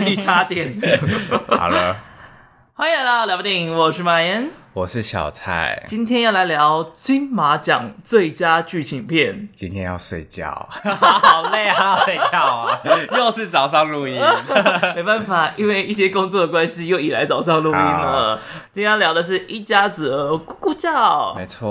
綠叉點，好了，歡迎來到聊 Bar 電影，我是馬岩，我是小蔡，今天要來聊金馬獎最佳劇情片。今天要睡覺， 好累啊，睡覺啊， 又是早上錄音， 沒辦法，因為一些工作的關係，又以來早上錄音了。好今天要聊的是一家子兒咕咕叫，沒錯，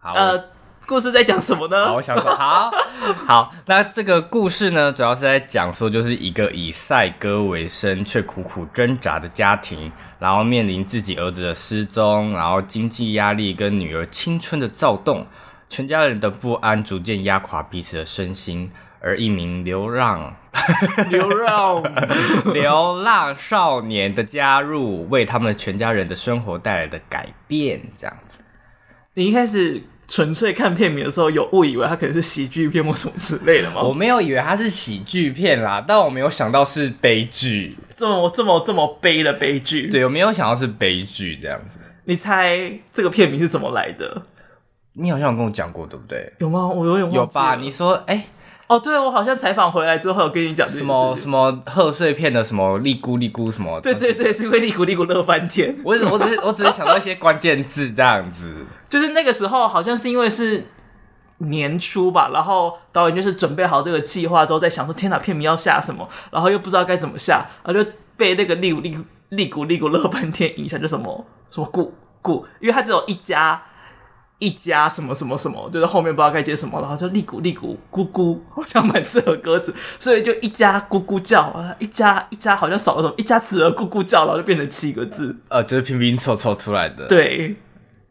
好，呃故事在講什麼呢？ 好，我想說，好 好，那這個故事呢，主要是在講說，就是一個以賽鴿為生卻苦苦掙扎的家庭，然後面臨自己兒子的失蹤，然後經濟壓力跟女兒青春的躁動，全家人的不安逐漸壓垮彼此的身心，而一名流浪、 流浪、 流浪少年的加入，為他們全家人的生活帶來的改變，這樣子。你一開始。純粹看片名的時候，有誤以為它可能是喜劇片或什麼之類的嗎？我沒有以為它是喜劇片啦，但我沒有想到是悲劇，這麼這麼這麼悲的悲劇。對，我沒有想到是悲劇這樣子。你猜這個片名是怎麼來的？你好像有跟我講過，對不對？有嗎？我，我有嗎有吧？你說，誒、欸哦，對，我好像採訪回來之後，我跟你講什麼什麼賀歲片的什麼利咕利咕什麼的？對對對，是因為利咕利咕樂翻天。 我只我只我只是想到一些關鍵字這樣子。 就是那個時候，好像是因為是年初吧，然後導演就是準備好這個計劃之後，在想說天哪，片名要下什麼，然後又不知道該怎麼下，然後就被那個利利利咕利咕樂翻天影響，就什麼什麼咕，咕，因為他只有一家。一家什麼什麼什麼，就是後面不知道該接什麼，然後就立古立古、咕咕，好像蠻適合鴿子，所以就一家咕咕叫啊，一家一家好像少了什麼，一家子兒咕咕叫，然後就變成七個字，呃，就是拼拼湊湊出來的。對，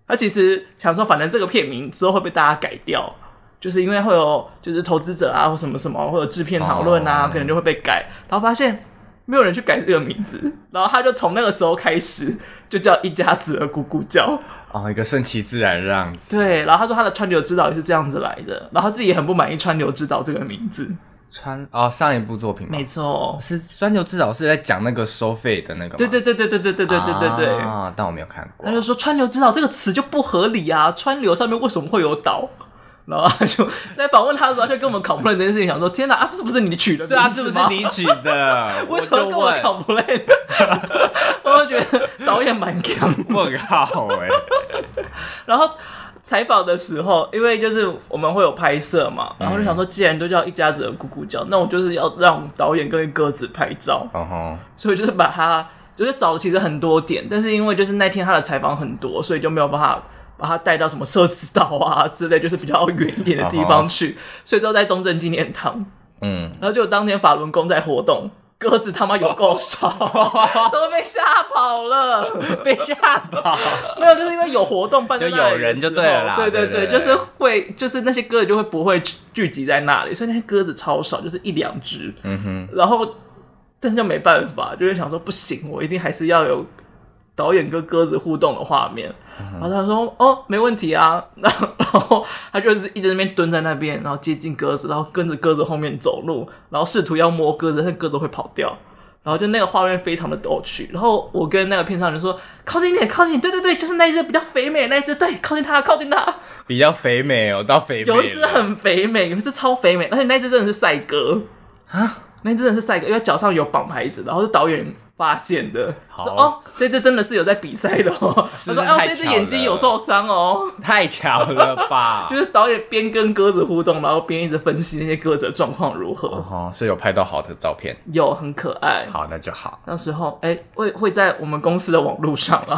他其實想說，反正這個片名之後會被大家改掉，就是因為會有就是投資者啊或什麼什麼，或者制片討論啊，可能、哦、就會被改，然後發現沒有人去改這個名字，然後他就從那個時候開始就叫一家子兒咕咕叫。哦，一個順其自然這樣子。對，然後他說他的川流之島也是這樣子來的，然後他自己也很不滿意川流之島這個名字。川，哦，上一部作品。沒錯錯，是川流之島是在講那個收費的那個。對對對對對對對對對、啊、對對啊！但我沒有看過。他就說川流之島這個詞就不合理啊，川流上面為什麼會有島？然後他就在訪 問他的時候，他就跟我們講不賴這件事情，想說天啊，不、啊、是不是你取的？對啊，是不是你取的？ 為什麼跟我講不賴？ 覺得 導演蠻強，欸，我靠！哎，然後採訪的時候，因為就是我們會有拍攝嘛，嗯、然後就想說，既然都叫一家子的咕咕叫，那我就是要讓導演跟鴿子拍照，然後、哦哦，所以就是把他就是找了其實很多點，但是因為就是那天他的採訪很多，所以就沒有辦法把他帶到什麼社子島啊之類，就是比較遠一點的地方去，哦哦所以就在中正紀念堂，嗯，然後就有當年法輪功在活動。鴿子他媽有夠少，都被嚇跑了，被嚇跑。 沒有，就是因為有活動辦，就有人就對了啦。對對對，對，就是會，就是那些鴿子就會不會聚集在那裡，所以那些鴿子超少，就是一兩隻。嗯哼。然後，但是就沒辦法，就是想說不行，我一定還是要有導演跟鴿子互動的畫面。然後他說：“哦，沒問題啊。”然後然後他就是一直在那邊蹲在那邊，然後接近鴿子，然後跟着鴿子後面走路，然後試圖要摸鴿子，但鴿子會跑掉。然後就那個畫面非常的逗趣。然後我跟那個片場人說：“靠近一點，靠近點，對對對，就是那一只比較肥美的那一只，對，靠近它，靠近它。”比較肥美哦，到肥美。有一只很肥美，有一只超肥美，而且那只真的是賽鴿。啊！那只真的是賽鴿，因為腳上有綁牌子，然後是導演發現的，好說哦，這隻真的是有在比賽的哦。他說哦、啊，這隻眼睛有受傷哦。太巧了吧？ 就是導演邊跟鴿子互動，然後邊一直分析那些鴿子的狀況如何。哦，是有拍到好的照片，有很可愛。好，那就好。那時候，哎，會會在我們公司的網絡上啊，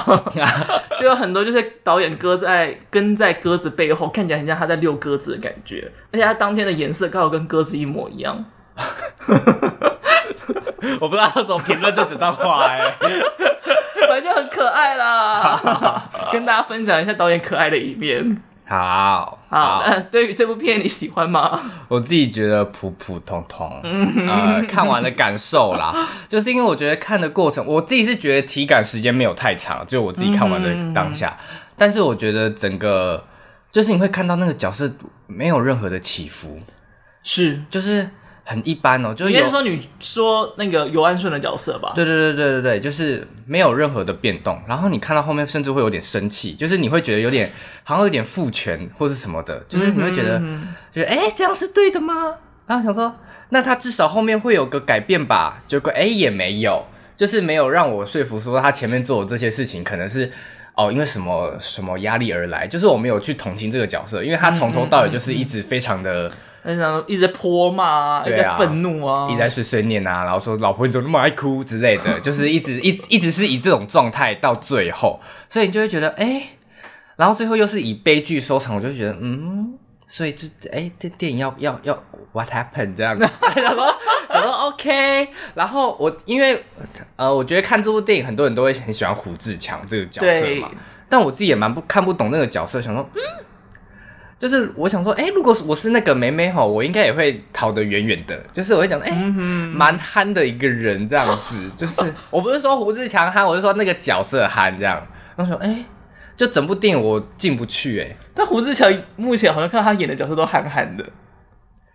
就有很多就是導演鴿在跟在鴿子背後，看起來很像他在遛鴿子的感覺。而且他當天的顏色剛好跟鴿子一模一樣。 我不知道怎麼評論這幾段話，哎、欸，反正 很可愛啦， 跟大家分享一下導演可愛的一面。好，好，好，對於這部片你喜歡嗎？我自己覺得普普通通， 呃、看完的感受啦， 就是因為我覺得看的過程，我自己是覺得體感時間沒有太長，就我自己看完的當下。 但是我覺得整個，就是你會看到那個角色沒有任何的起伏，是，就是。很一般哦，就是。應該是說你說那個游安順的角色吧？對對對對對對，就是沒有任何的變動。然後你看到後面，甚至會有點生氣，就是你會覺得有點 好像有點父權或是什麼的，就是你會覺得，嗯哼嗯哼就哎、欸，這樣是對的嗎？然、啊、後想說，那他至少後面會有個改變吧？結果哎、欸、也沒有，就是沒有讓我說服說他前面做的這些事情可能是哦，因為什麼什麼壓力而來。就是我沒有去同情這個角色，因為他從頭到尾就是一直非常的。嗯哼嗯哼一直在潑罵啊，一直在憤怒啊，一直在碎碎、啊啊、念啊， 然後說老婆你怎麼那麼愛哭之類的，就是一直一直一直是以這種狀態到最後，所以你就會覺得哎、欸，然後最後又是以悲劇收場，我就會覺得嗯，所以這哎這電影要要要 what happened 這樣的， 想說 OK，然後我因為呃，我覺得看這部電影很多人都會很喜歡胡智強這個角色嘛，對但我自己也蠻不看不懂那個角色，想說嗯。就是我想說，哎、欸，如果我是那個妹妹吼，我應該也會逃得遠遠的。就是我會講，哎、欸，蠻、嗯、憨的一個人這樣子。就是我不是說胡智強憨，我就是說那個角色憨這樣。然後說，哎、欸，就整部電影我進不去、欸，誒。但胡智強目前好像看到他演的角色都憨憨的。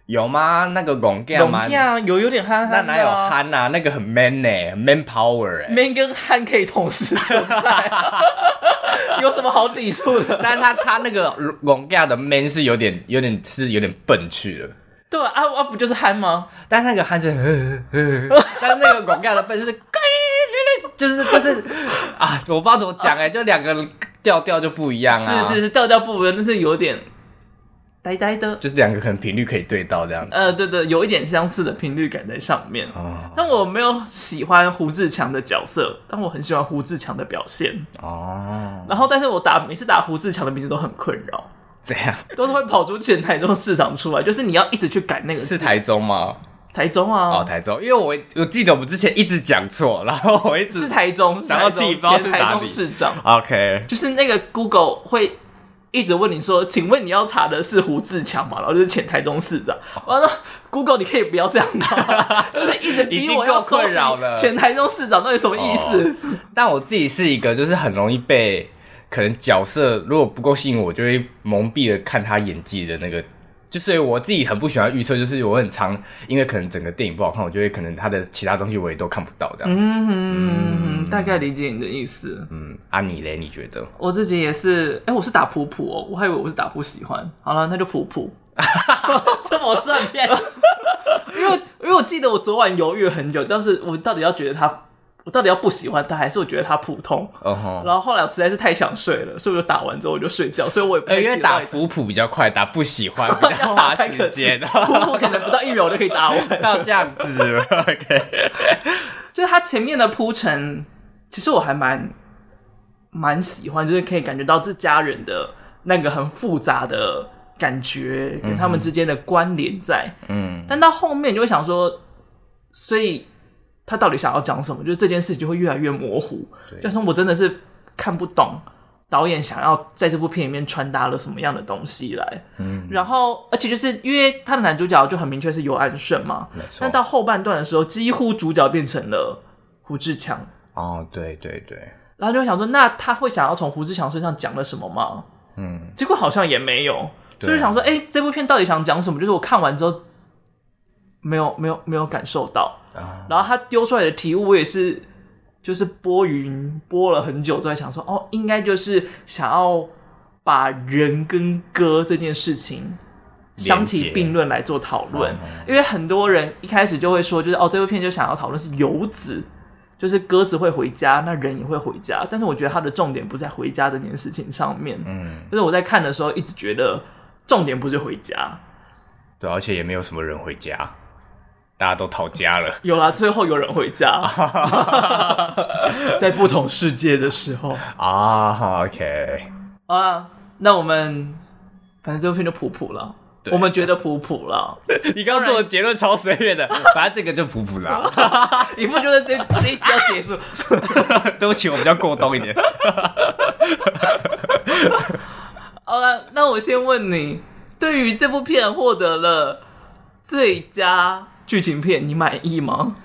有嗎？那個廣告、啊，有有點憨憨，、啊、那哪有憨啊？那個很 man 呢、欸、man power，man、欸、跟憨可以同時存在？ 有什麼好抵觸的？ 但是他他那個廣告的 man 是有點有點是有點笨趣的。對啊，我、啊、不就是憨嗎？但是那個憨、就是， 但是那個廣告的笨、就是 就是，就是就是啊，我不知道怎麼講哎、欸，就兩個調調就不一樣啊。是是是，調調不一樣，但是有點，呆呆的，就是兩個可能頻率可以對到這樣子。呃，對對，有一點相似的頻率感在上面。哦。但我沒有喜歡胡智強的角色，但我很喜歡胡智強的表現。哦。然後，但是我打每次打胡智強的名字都很困擾。怎樣？都是會跑出前台中市長出來，就是你要一直去改那個，是台中嗎？台中啊。哦，台中，因為我我記得我們之前一直講錯，然後我一直是台中，然後自己報台中市長。OK。就是那個 Google 會。一直問你說，請問你要查的是胡志強吧？然後就是前台中市長。我說，Google，你可以不要這樣了， 就是一直逼我要困擾了。前台中市長到底什麼意思？哦，但我自己是一個，就是很容易被可能角色如果不夠吸引我，就會蒙蔽了看他演技的那個。就是我自己很不喜歡預測，就是我很常，因為可能整個電影不好看，我覺得可能他的其他東西我也都看不到這樣子。嗯，嗯嗯，大概理解你的意思。嗯，阿、啊、你嘞，你覺得？我自己也是，哎、欸，我是打普普、哦，我還以為我是打不喜歡。好了，那就普普， 這麼算帥騙。 因為，因為我記得我昨晚猶豫了很久，但是我到底要覺得他。我到底要不喜歡他，還是我覺得他普通？Uh huh. 然後後來我實在是太想睡了，所以就打完之後我就睡覺，所以我也不太因為打普普，普比較快，打不喜歡比較花時間，普普 可， 可能不到一秒我就可以打我到 這這樣子。OK， 就是他前面的鋪陳，其實我還蠻蠻喜歡，就是可以感覺到這家人的那個很複雜的感覺跟他們之間的關聯在。嗯，嗯，但到後面就會想說，所以。他到底想要講什麼？就是這件事情就會越來越模糊，對就是我真的是看不懂導演想要在這部片裡面傳達了什麼樣的東西來。嗯，然後而且就是因為他的男主角就很明確是游安順嘛，沒錯但到後半段的時候，幾乎主角變成了胡智強。哦，對對對，對。然後就會想說，那他會想要從胡智強身上講了什麼嗎？嗯，結果好像也沒有。對啊，所以就是想說，哎，欸，這部片到底想講什麼？就是我看完之後沒有沒有沒有感受到。嗯、然後他丟出來的題目，我也是，就是撥雲撥了很久，就在想說，哦，應該就是想要把人跟鴿這件事情相提接並論來做討論，嗯嗯，因為很多人一開始就會說，就是哦，這部片就想要討論是游子，就是鴿子會回家，那人也會回家，但是我覺得他的重點不在回家這件事情上面，嗯，就是我在看的時候一直覺得重點不是回家，對，而且也沒有什麼人回家。大家都逃家了，有啦，最後有人回家， 在不同世界的時候啊、oh，OK，啊，那我們反正這部片就普普了，對我們覺得普普了。 你剛剛做的結論超隨便的，然反正這個就普普了。 你不覺得這這一集要結束？ 對不起，我比較過動一點。 好了，那我先問你，對於這部片獲得了最佳。劇情片你滿意嗎？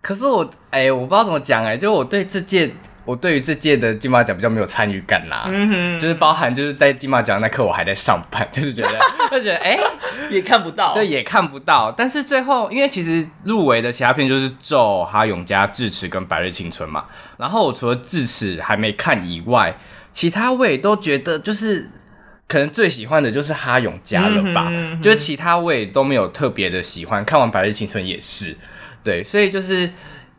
可是我哎、欸，我不知道怎麼講哎、欸，就是我對這屆，我對於這屆的金馬獎比較沒有參與感啦、啊。嗯哼，就是包含就是在金馬獎那刻我還在上班，就是覺得 就覺得哎、欸、 也看不到，對也看不到。但是最後因為其實入圍的其他片就是《咒》《哈勇家》《智齒》跟《白日青春》嘛。然後我除了《智齒》還沒看以外，其他位都覺得就是。可能最喜歡的就是《哈勇家》了吧，嗯哼嗯哼，就是其他我也都沒有特別的喜歡。看完《白日青春》也是，對，所以就是，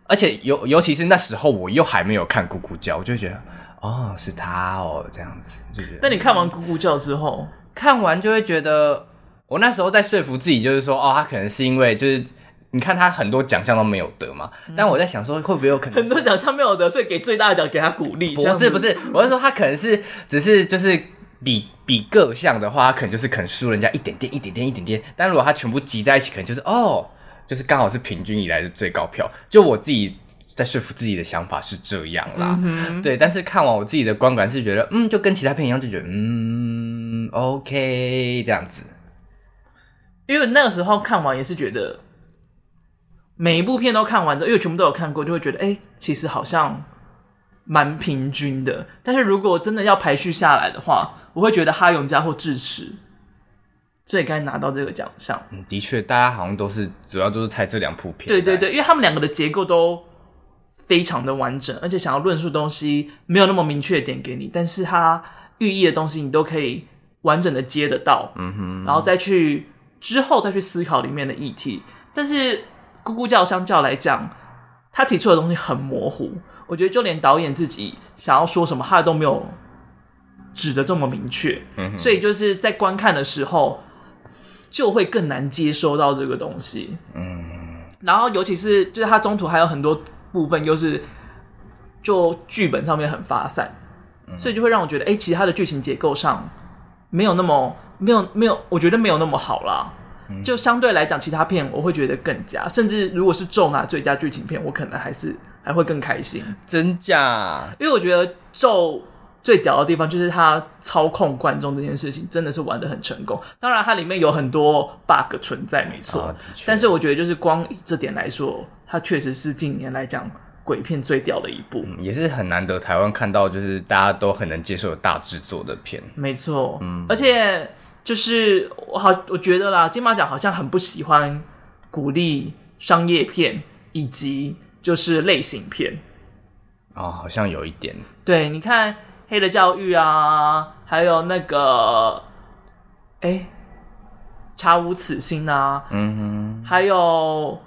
而且尤尤其是那時候我又還沒有看《咕咕叫》，我就會覺得哦是他哦，這樣子，就覺得。那你看完《咕咕叫》之後、嗯，看完就會覺得，我那時候在說服自己，就是說哦，他可能是因為就是，你看他很多獎項都沒有得嘛，嗯、但我在想說，會不會有可能很多獎項沒有得，所以給最大的獎給他鼓勵？不是不是， 我是說他可能是只是就是。比比各項的話，他可能就是肯輸人家一點點、一點點、一點點。但如果他全部集在一起，可能就是哦，就是剛好是平均以來的最高票。就我自己在說服自己的想法是這樣啦。嗯、哼對，但是看完我自己的觀感是覺得，嗯，就跟其他片一樣，就覺得嗯，OK，這樣子。因為那個時候看完也是覺得，每一部片都看完之後，因為全部都有看過，就會覺得，哎、欸，其實好像。蠻平均的，但是如果真的要排序下來的話，我會覺得哈勇家或智齒最該拿到這個獎項。嗯。的確，大家好像都是主要都是猜這兩部片。對對對，但因為他們兩個的結構都非常的完整，而且想要論述東西沒有那麼明確點給你，但是它寓意的東西你都可以完整的接得到。嗯哼，嗯哼，然後再去之後再去思考裡面的議題。但是咕咕叫相較來講，他提出的東西很模糊。我覺得就連導演自己想要說什麼，他都沒有指得這麼明確，所以就是在觀看的時候就會更難接收到這個東西。然後尤其是就是他中途還有很多部分又是就劇本上面很發散，所以就會讓我覺得，哎、欸，其他的劇情結構上沒有那麼沒有沒有，我覺得沒有那麼好啦。就相對來講，其他片我會覺得更加，甚至如果是中啊最佳劇情片，我可能還是。還會更開心，真假、啊？因為我覺得咒最屌的地方就是他操控觀眾這件事情，真的是玩得很成功。當然，它裡面有很多 bug 存在，沒錯。啊、但是我覺得，就是光以這點來說，它確實是近年來講鬼片最屌的一部、嗯，也是很難得台灣看到，就是大家都很能接受的大制作的片。沒錯，嗯，而且就是我好，我覺得啦，金馬獎好像很不喜歡鼓勵商業片以及。就是類型片哦，好像有一點。對，你看《黑的教育》啊，還有那個，哎、欸，《查無此心》啊，嗯哼，還有《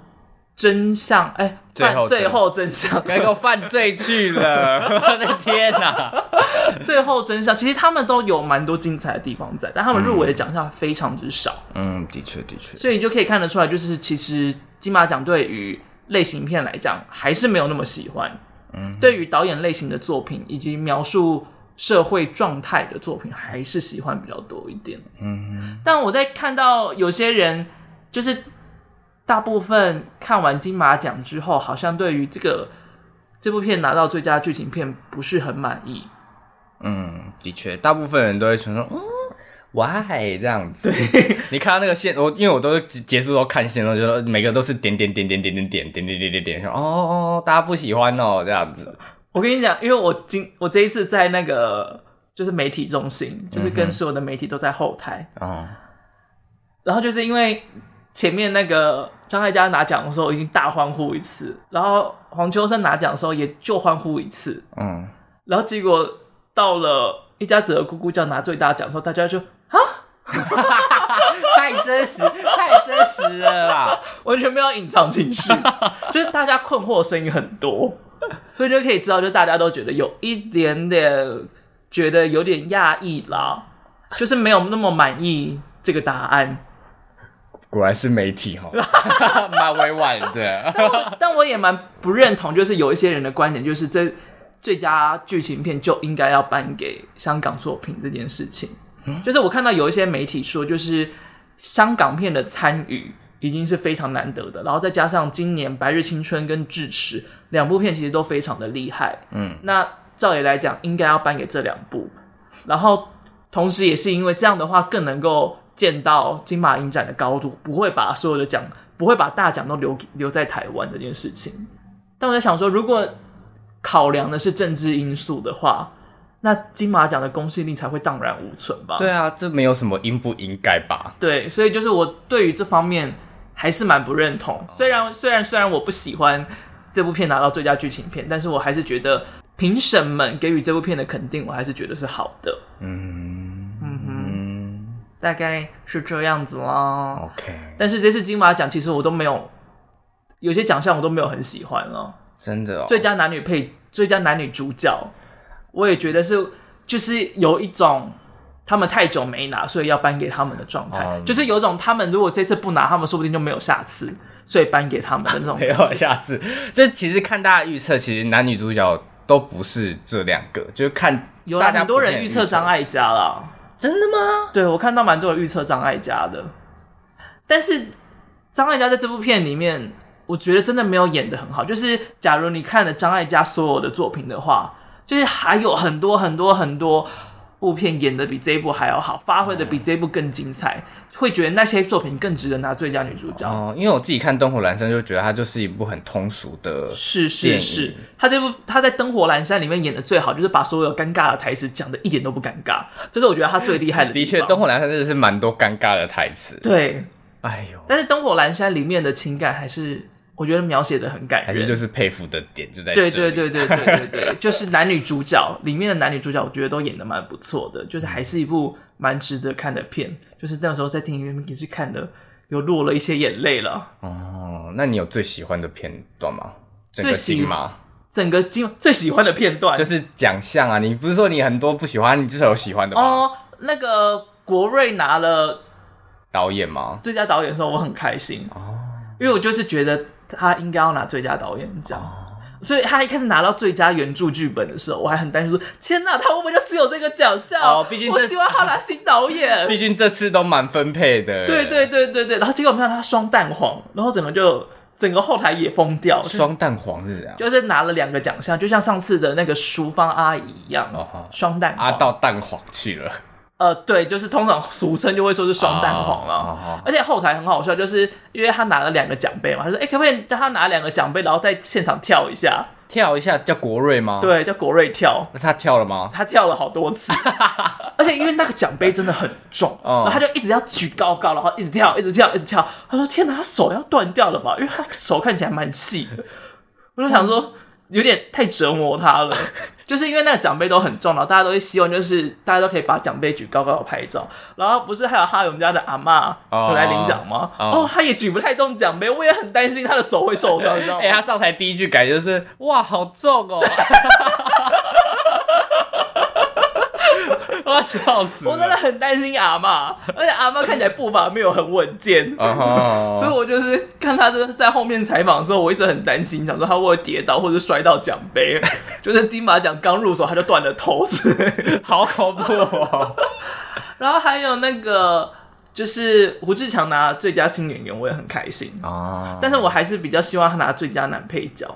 真相》哎、欸，最後《最後真相》該有犯罪去了，我的 天哪！ 最後真相，其實他們都有蠻多精彩的地方在，但他們入圍的獎項非常之少。嗯，嗯，的確，的確。所以你就可以看得出來，就是其實金馬獎對於。類型片來講，還是沒有那麼喜歡。嗯哼，對於導演類型的作品以及描述社會狀態的作品，還是喜歡比較多一點。嗯哼，但我在看到有些人，就是大部分看完金馬獎之後，好像對於這個這部片拿到最佳劇情片不是很滿意。嗯，的確，大部分人都會說，嗯。哇嗨，y 這樣子？對 你看到那個線，我因為我都結束都看線了，就覺每個都是點點點點點點點點點點點，說哦哦，大家不喜歡哦這樣子。我跟你講，因為我今我這一次在那個就是媒體中心，就是跟所有的媒體都在後台啊。嗯、哼然後就是因為前面那個張艾嘉拿獎的時候，我已經大歡呼一次，然後黃秋生拿獎的時候也就歡呼一次，嗯，然後結果到了一家子的咕咕叫拿最大獎的時候，大家就。啊！ 太真實，太真實了啦！完全沒有隱藏情緒，就是大家困惑的聲音很多，所以就可以知道，就大家都覺得有一點點覺得有點壓抑訝異啦，就是沒有那麼滿意這個答案。果然是媒體哈，蠻 委婉的。但我，但我也蠻不認同，就是有一些人的觀點，就是這最佳劇情片就應該要頒給香港作品這件事情。就是我看到有一些媒體說，就是香港片的參與已經是非常難得的，然後再加上今年《白日青春》跟《智齒》，兩部片其實都非常的厲害，嗯，那照理來講應該要頒給這兩部，然後同時也是因為這樣的話更能夠見到金馬影展的高度，不會把所有的獎不會把大獎都留留在台灣這件事情。但我在想說，如果考量的是政治因素的話，那金馬獎的公信力才會蕩然無存吧？對啊，這沒有什麼應不應該吧？對，所以就是我對於這方面還是蠻不認同。雖然雖然雖然我不喜歡這部片拿到最佳劇情片，但是我還是覺得評審們給予這部片的肯定，我還是覺得是好的。嗯嗯嗯，嗯嗯大概是這樣子啦。OK，但是這次金馬獎其實我都沒有，有些獎項我都沒有很喜歡哦。真的哦，最佳男女配，最佳男女主角。我也覺得是，就是有一種他們太久沒拿，所以要頒給他們的狀態，嗯、就是有一種他們如果這次不拿，他們說不定就沒有下次，所以頒給他們的那種。沒有下次，就其實看大家預測，其實男女主角都不是這兩個，就是看有很多人預測張艾嘉啦。真的嗎？對，我看到蠻多人預測張艾嘉的，但是張艾嘉在這部片裡面，我覺得真的沒有演的很好，就是假如你看了張艾嘉所有的作品的話。就是還有很多很多很多部片演的比這一部還要好，發揮的比這一部更精彩，嗯、會覺得那些作品更值得拿最佳女主角。哦，因為我自己看《燈火闌珊》就覺得它就是一部很通俗的，是是是。他這部他在《燈火闌珊》裡面演的最好，就是把所有尷尬的台詞講的一點都不尷尬，這是我覺得他最厲害的、嗯。的確，《燈火闌珊》真的是蠻多尷尬的台詞。對，哎呦，但是《燈火闌珊》裡面的情感還是。我覺得描寫的很感人，還是就是佩服的點就在這裡對對對對對對對，對， 就是男女主角裡面的男女主角，我覺得都演的蠻不錯的，就是還是一部蠻值得看的片，就是那時候在電影院也是看的，又落了一些眼淚了。哦，那你有最喜歡的片段嗎？最喜歡整個金，嗎最，喜整個金最喜歡的片段就是獎項啊！你不是說你很多不喜歡，你至少有喜歡的嗎？哦，那個國瑞拿了導演嗎？最佳導演的時候我很開心哦，因為我就是覺得。他應該要拿最佳導演獎，oh. 所以他一開始拿到最佳原著劇本的時候，我還很擔心說：天吶，他會不會就只有這個獎項。哦、oh,，畢竟我希望他拿新導演，畢 竟這次都蠻分配的。對對對對對，然後結果我們看他雙蛋黃，然後整個就整個後台也瘋掉。了。雙蛋黃是怎樣？就是拿了兩個獎項，就像上次的那個淑芳阿姨一樣，雙、oh, oh. 蛋黃阿到蛋黃去了。呃，對，就是通常俗稱就會說是雙蛋黃了，啊，oh, oh, oh. 而且後台很好笑，就是因為他拿了兩個獎盃嘛，他說：“哎，欸，可不可以讓他拿兩個獎盃，然後在現場跳一下？”跳一下叫國瑞嗎？對，叫國瑞跳。那他跳了嗎？他跳了好多次， 而且因為那個獎盃真的很重，啊，oh. 他就一直要舉高高，然後一直跳，一直跳，一直跳。他說：“天哪，他手要斷掉了吧？”因為他手看起來蠻細的，我就想說，嗯，有點太折磨他了。就是因為那個獎杯都很重，然後大家都會希望就是大家都可以把獎杯舉高高的拍照。然後不是還有哈勇家的阿嬤，有來領獎嗎？哦，oh, oh, oh. oh, 他也舉不太動獎杯，我也很擔心他的手會受傷，你 知道嗎？哎、欸，他上台第一句感覺就是哇，好重哦。 笑死！我真的很擔心阿媽， 而且阿媽看起來步伐沒有很穩健，uh huh. 所以，我就是看他真的在後面採訪的時候，我一直很擔心，想說他會不會跌倒或者摔到獎杯。 就是金馬獎剛入手他就斷了頭， 好恐怖哦！ 然後還有那個就是胡智強拿最佳新演員，我也很開心，uh huh. 但是我還是比較希望他拿最佳男配角。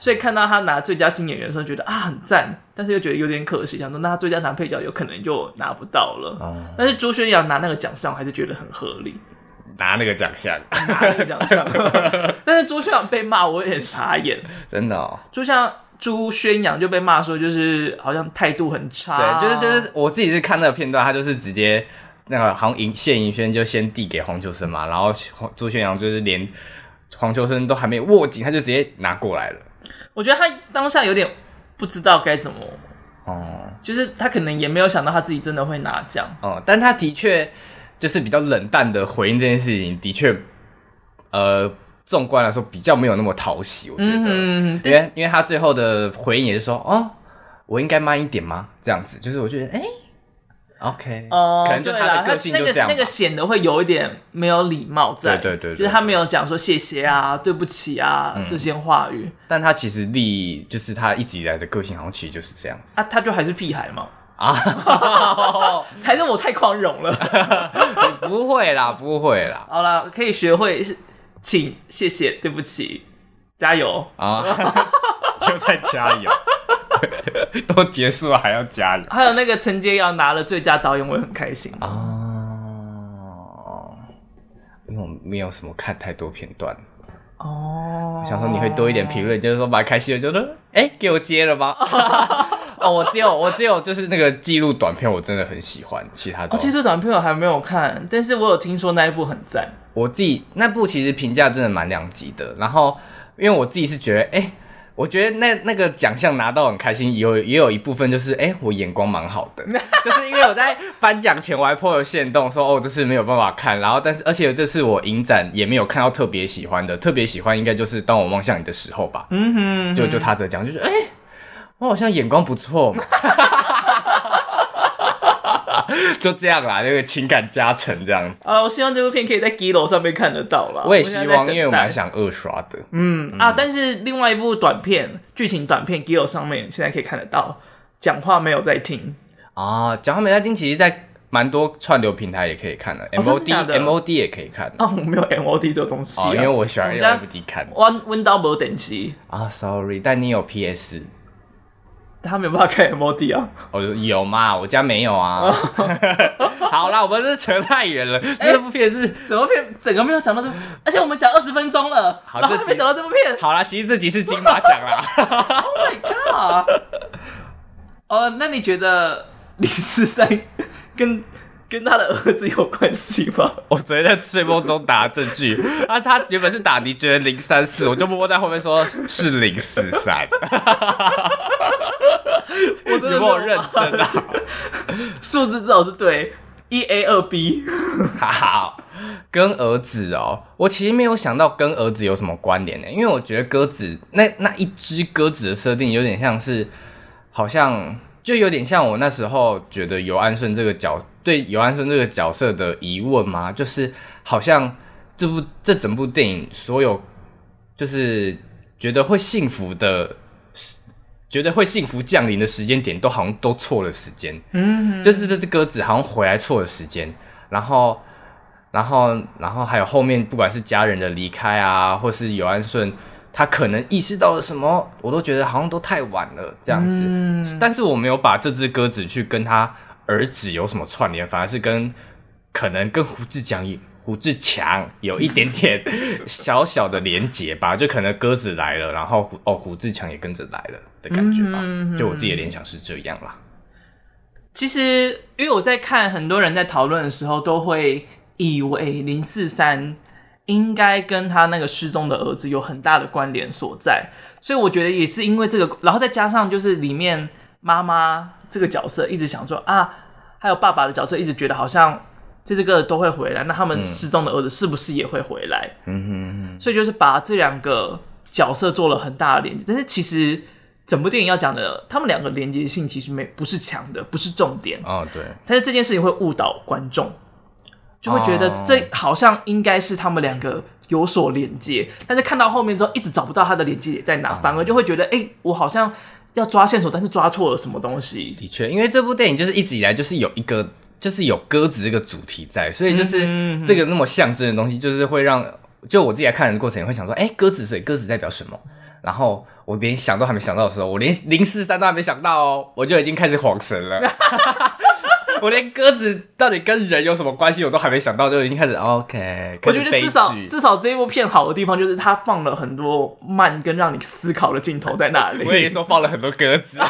所以看到他拿最佳新演員的時候，覺得啊很讚，但是又覺得有點可惜，想說那他最佳男配角有可能就拿不到了。嗯、但是朱軒陽拿那個獎項，我還是覺得很合理。拿那個獎項，拿那個獎項。 但是朱軒陽被罵，我有點傻眼。真的、哦，就像朱軒陽就被罵說，就是好像態度很差。對，就是就是我自己是看那個片段，他就是直接那個好像盈謝盈萱就先遞給黃秋生嘛，然後黃朱軒陽就是連黃秋生都還沒有握緊，他就直接拿過來了。我覺得他當下有點不知道該怎麼哦，嗯、就是他可能也沒有想到他自己真的會拿獎哦、嗯，但他的確就是比較冷淡的回應這件事情，的確，呃，縱觀來說比較沒有那麼討喜，我覺得，嗯、因為因為他最後的回應也是說，哦，我應該慢一點嗎？這樣子，就是我覺得，哎、欸。OK，哦，可能就他那個那個顯得會有一點沒有禮貌在，對對對，就是他沒有講說謝謝啊、對不起啊這些話語。但他其實立，就是他一直以來的個性好像其實就是這樣子。啊，他就還是屁孩嘛啊，才是我太寬容了？不會啦，不會啦。好啦，可以學會，請謝謝、對不起，加油啊，就在加油。 都結束了還要加了？還有那個陳潔瑤拿了最佳導演，我也很開心哦，因為我沒有什麼看太多片段哦。Oh. 我想說你會多一點評論，就是說蠻開心的，覺得哎、欸、給我接了吧？哦，oh. oh, 我只有我只有就是那個紀錄短片，我真的很喜歡。其他哦，紀錄、oh, 短片我還沒有看，但是我有聽說那一部很讚。我自己那部其實評價真的蠻兩極的，然後因為我自己是覺得哎。欸我覺得那那個獎項拿到很開心，也有也有一部分就是，哎、欸，我眼光蠻好的， 就是因為我在頒獎前我還 PO 的限動，說哦，這次沒有辦法看，然後但是而且這次我影展也沒有看到特別喜歡的，特別喜歡應該就是《當我望向你的時候》吧，嗯哼，嗯哼，就就他得獎，就是，哎、欸，我好像眼光不錯嘛。 就這樣啦，這、就、個、是、情感加成這樣子啊！我希望這部片可以在 Giloo 上面看得到啦，我也希望，在在因為我蠻想二刷的。嗯，嗯啊，但是另外一部短片劇情短片 Giloo 上面現在可以看得到，講話沒有在聽啊。講話沒在聽，其實在蠻多串流平台也可以看的。MOD MOD 也可以看啊，哦，我沒有 MOD 這個東西，啊哦，因為我喜歡用 MOD 看。我們家沒有電視啊，Sorry，但你有 PS。他沒有辦法開 MOD 啊？我說、哦、有嗎？我家沒有啊。 好啦，我們這扯太遠了。欸、這部片是整部片？整個沒有講到這部，而且我們講二十分鐘了，好然後還沒講到這部片這。好啦，其實這集是金馬獎啦。 Oh my god！哦， uh, 那你覺得零四三跟跟他的兒子有關係嗎？我昨天在睡夢中打這句， 啊，他原本是打你覺得零三四，我就默默在後面說是零四三。 我真的沒有認真啊！數 字至少是對一 A 二 B， 好，好，跟兒子哦，我其實沒有想到跟兒子有什麼關聯呢、欸，因為我覺得鴿子那那一隻鴿子的設定有點像是，好像就有點像我那時候覺得游安順這個角對游安順這個角色的疑問嗎？就是好像這部這整部電影所有就是覺得會幸福的。覺得會幸福降臨的時間點都好像都錯了時間，嗯哼，就是這只鴿子好像回來錯了時間，然後，然後，然後還有後面不管是家人的離開啊，或是游安順他可能意識到了什麼，我都覺得好像都太晚了這樣子。嗯、但是我沒有把這只鴿子去跟他兒子有什麼串聯，反而是跟可能跟胡智強影。胡智強有一點點小小的連結吧， 就可能鴿子來了，然後哦，胡智強也跟着來了的感覺吧。嗯哼嗯哼，就我自己的聯想是這樣啦。其實，因為我在看很多人在討論的時候，都會以為零四三應該跟他那個失蹤的兒子有很大的關聯所在，所以我覺得也是因為這個，然後再加上就是裡面媽媽這個角色一直想說啊，還有爸爸的角色一直覺得好像。在這個都會回來，那他們失蹤的兒子是不是也會回來？嗯哼哼。所以就是把這兩個角色做了很大的連接，但是其實整部電影要講的，他們兩個連接性其實沒不是強的，不是重點哦對。但是這件事情會誤導觀眾，就會覺得這好像應該是他們兩個有所連接，哦、但是看到後面之後一直找不到他的連接點在哪，反、哦、而就會覺得哎、欸，我好像要抓線索，但是抓錯了什麼東西。的確，因為這部電影就是一直以來就是有一個。就是有鴿子這個主題在，所以就是這個那麼象徵的東西，就是會讓就我自己來看的過程，也會想說，哎，鴿子，所以鴿子代表什麼？然後我連想都還沒想到的時候，我連零四三都還沒想到哦，我就已經開始恍神了。 我連鴿子到底跟人有什麼關係，我都還沒想到，就已經開始。 OK，開始。我覺得至少至少這一部片好的地方，就是它放了很多慢跟讓你思考的鏡頭在那裡。 我也說放了很多鴿子。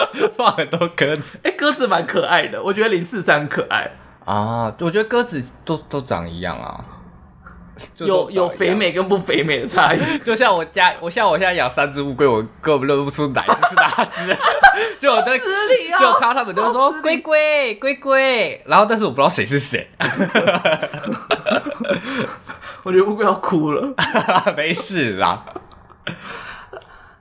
放很多鴿子，哎、欸，鴿子蠻可愛的，我覺得零四三可愛啊。我覺得鴿子都都長一樣啊，樣有有肥美跟不肥美的差異。 就像我家，我像我現在養三只烏龜，我根本認不出哪只是哪只。 啊、我就我這，就他他們都說龜龜龜龜，然後但是我不知道誰是誰。 我覺得烏龜要哭了， 沒事啦。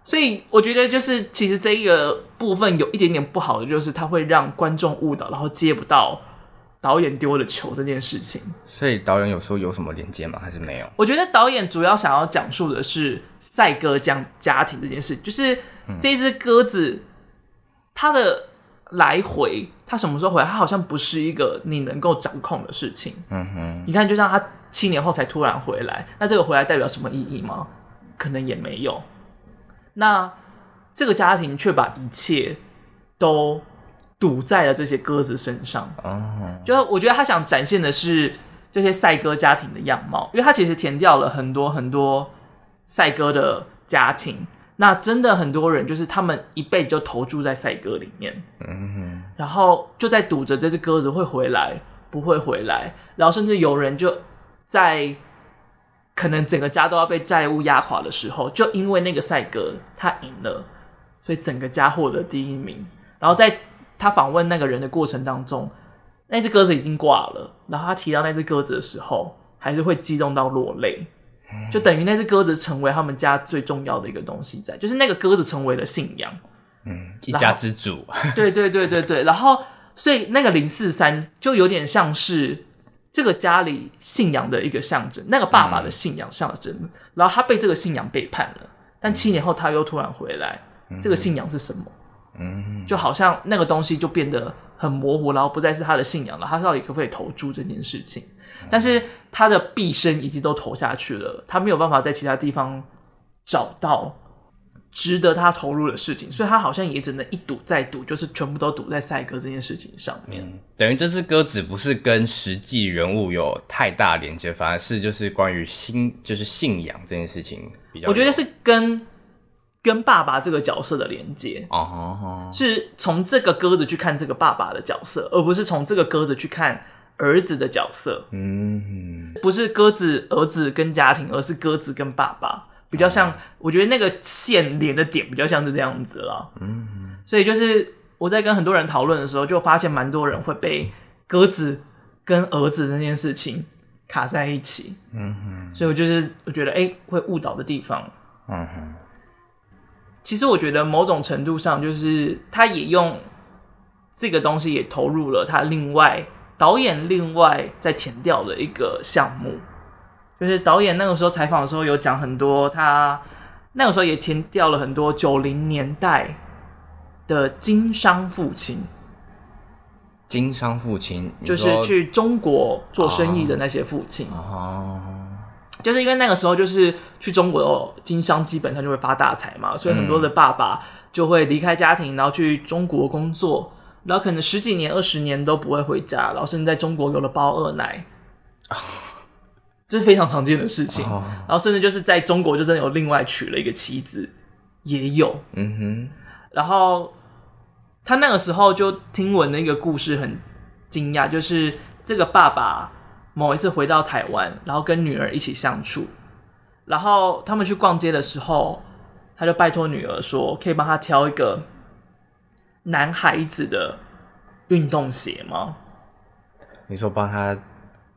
所以我覺得，就是其實這一個部分有一點點不好的，就是它會讓觀眾誤導，然後接不到導演丟的球這件事情。所以導演有時候有什麼連接嗎？還是沒有？我覺得導演主要想要講述的是賽鴿將家庭這件事，就是這隻鴿子它的來回，它什麼時候回來？它好像不是一個你能夠掌控的事情。嗯哼，你看，就像他七年後才突然回來，那這個回來代表什麼意義嗎？可能也沒有。那這個家庭卻把一切都賭在了這些鴿子身上。哦，就我覺得他想展現的是這些賽鴿家庭的樣貌，因為他其實田調了很多很多賽鴿的家庭。那真的很多人就是他們一輩子就投注在賽鴿裡面，嗯，然後就在賭着這隻鴿子會回來不會回來，然後甚至有人就在。可能整個家都要被債務壓垮的時候，就因為那個賽鴿他贏了，所以整個家獲得第一名。然後在他訪問那個人的過程當中，那只鴿子已經掛了。然後他提到那隻鴿子的時候，還是會激動到落淚。就等於那隻鴿子成為他們家最重要的一個東西在，在就是那個鴿子成為了信仰。嗯，一家之主。對對對對對，然後所以那個零四三就有點像是。這個家裡信仰的一個象徵，那個爸爸的信仰象徵，嗯、然後他被這個信仰背叛了。但七年後他又突然回來，嗯、哼這個信仰是什麼？就好像那個東西就變得很模糊，然後不再是他的信仰了。他到底可不可以投注這件事情？但是他的畢生已經都投下去了，他沒有辦法在其他地方找到，值得他投入的事情，所以他好像也只能一賭再賭，就是全部都賭在賽鴿這件事情上面。嗯、等於這隻鴿子不是跟實際人物有太大連接，反而是就是關於信，就是信仰這件事情比較。我覺得是跟跟爸爸這個角色的連接哦，uh huh. 是從這個鴿子去看這個爸爸的角色，而不是從這個鴿子去看兒子的角色。嗯、uh，huh. 不是鴿子兒子跟家庭，而是鴿子跟爸爸。比較像，我覺得那個線連的點比較像是這樣子啦、嗯。嗯，所以就是我在跟很多人討論的時候，就發現蠻多人會被鴿子跟兒子那件事情卡在一起。嗯哼，嗯，所以我就是我覺得，哎、欸，會誤導的地方。嗯哼，嗯，其實我覺得某種程度上，就是他也用這個東西也投入了他另外導演另外在田調的一個項目。就是導演那個時候採訪的時候，有講很多，他那個時候也田調了很多九零年代的經商父親，經商父親就是去中國做生意的那些父親哦，就是因為那個時候就是去中國經商基本上就會發大財嘛，所以很多的爸爸就會離開家庭，然後去中國工作，然後可能十幾年、二十年都不會回家，然後甚至在中國有了包二奶 這是非常常見的事情，oh. Oh. 然後甚至就是在中國，就真的有另外娶了一個妻子，也有。嗯哼、mm，hmm. 然後他那個時候就聽聞那個故事很驚訝，就是這個爸爸某一次回到台灣，然後跟女兒一起相處，然後他們去逛街的時候，他就拜託女兒說，可以幫他挑一個男孩子的運動鞋嗎？你說幫他。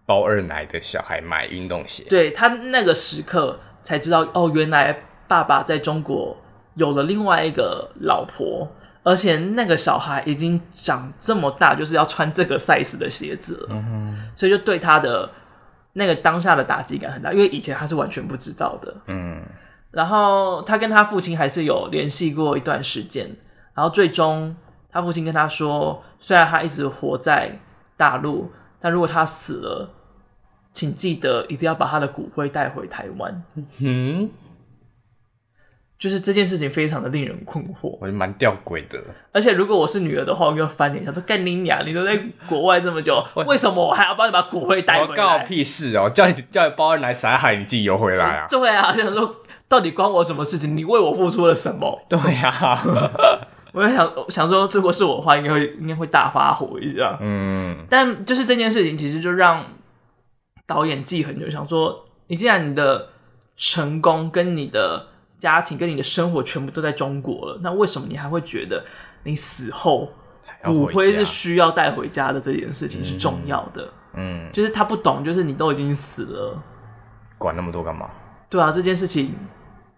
包二奶的小孩買運動鞋，對，他那個時刻才知道哦，原來爸爸在中國有了另外一個老婆，而且那個小孩已經長這麼大，就是要穿這個 size 的鞋子了，嗯哼。所以就對他的那個當下的打擊感很大，因為以前他是完全不知道的。嗯，然後他跟他父親還是有聯繫過一段時間，然後最終他父親跟他說，雖然他一直活在大陸。那如果他死了，請記得一定要把他的骨灰帶回台灣。嗯哼，就是這件事情非常的令人困惑，我覺得蠻弔詭的。而且如果我是女兒的話，我要翻臉，想說幹你娘啊！你都在國外這麼久，我為什麼我還要幫你把骨灰帶回來？我告我屁事哦！叫你叫你包恩來撒海，你自己游回來啊！對啊，你想說到底關我什麼事情？你為我付出了什麼？對啊。 我也想想說，如果是我的話，應該會應該會大發火一下。嗯，但就是這件事情，其實就讓導演記恨，就想說：你既然你的成功、跟你的家庭、跟你的生活全部都在中國了，那為什麼你還會覺得你死後骨灰是需要帶回家的？這件事情是重要的。要嗯，嗯就是他不懂，就是你都已經死了，管那麼多干嘛？對啊，這件事情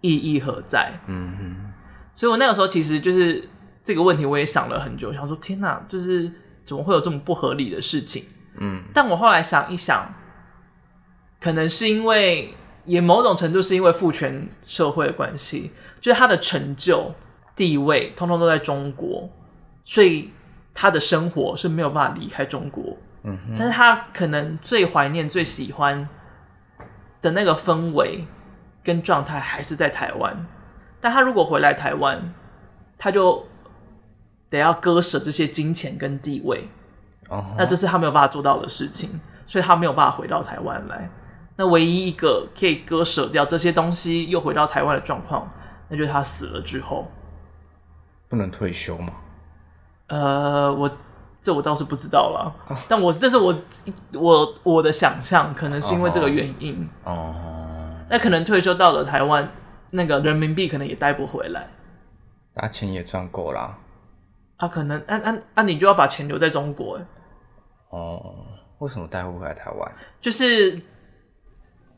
意義何在？嗯哼，所以我那個時候其實就是。這個問題我也想了很久，想說天哪，就是怎麼會有這麼不合理的事情？嗯，但我後來想一想，可能是因為也某種程度是因為父權社會的關係，就是他的成就地位，通通都在中國，所以他的生活是沒有辦法離開中國。嗯哼。但是他可能最懷念、最喜歡的那個氛圍跟狀態還是在台灣，但他如果回來台灣，他就。得要割捨這些金錢跟地位，哦、uh，huh. 那這是他沒有辦法做到的事情，所以他沒有辦法回到台灣來。那唯一一個可以割捨掉這些東西又回到台灣的狀況，那就是他死了之後。不能退休嗎？呃，我這我倒是不知道啦，uh huh. 但我這是我我我的想象，可能是因為這個原因哦。Uh huh. uh huh. 那可能退休到了台灣，那個人民幣可能也帶不回來。那錢也賺夠啦。他、啊、可能，那那那，你就要把錢留在中國。哦，為什麼帶不回來台灣？就是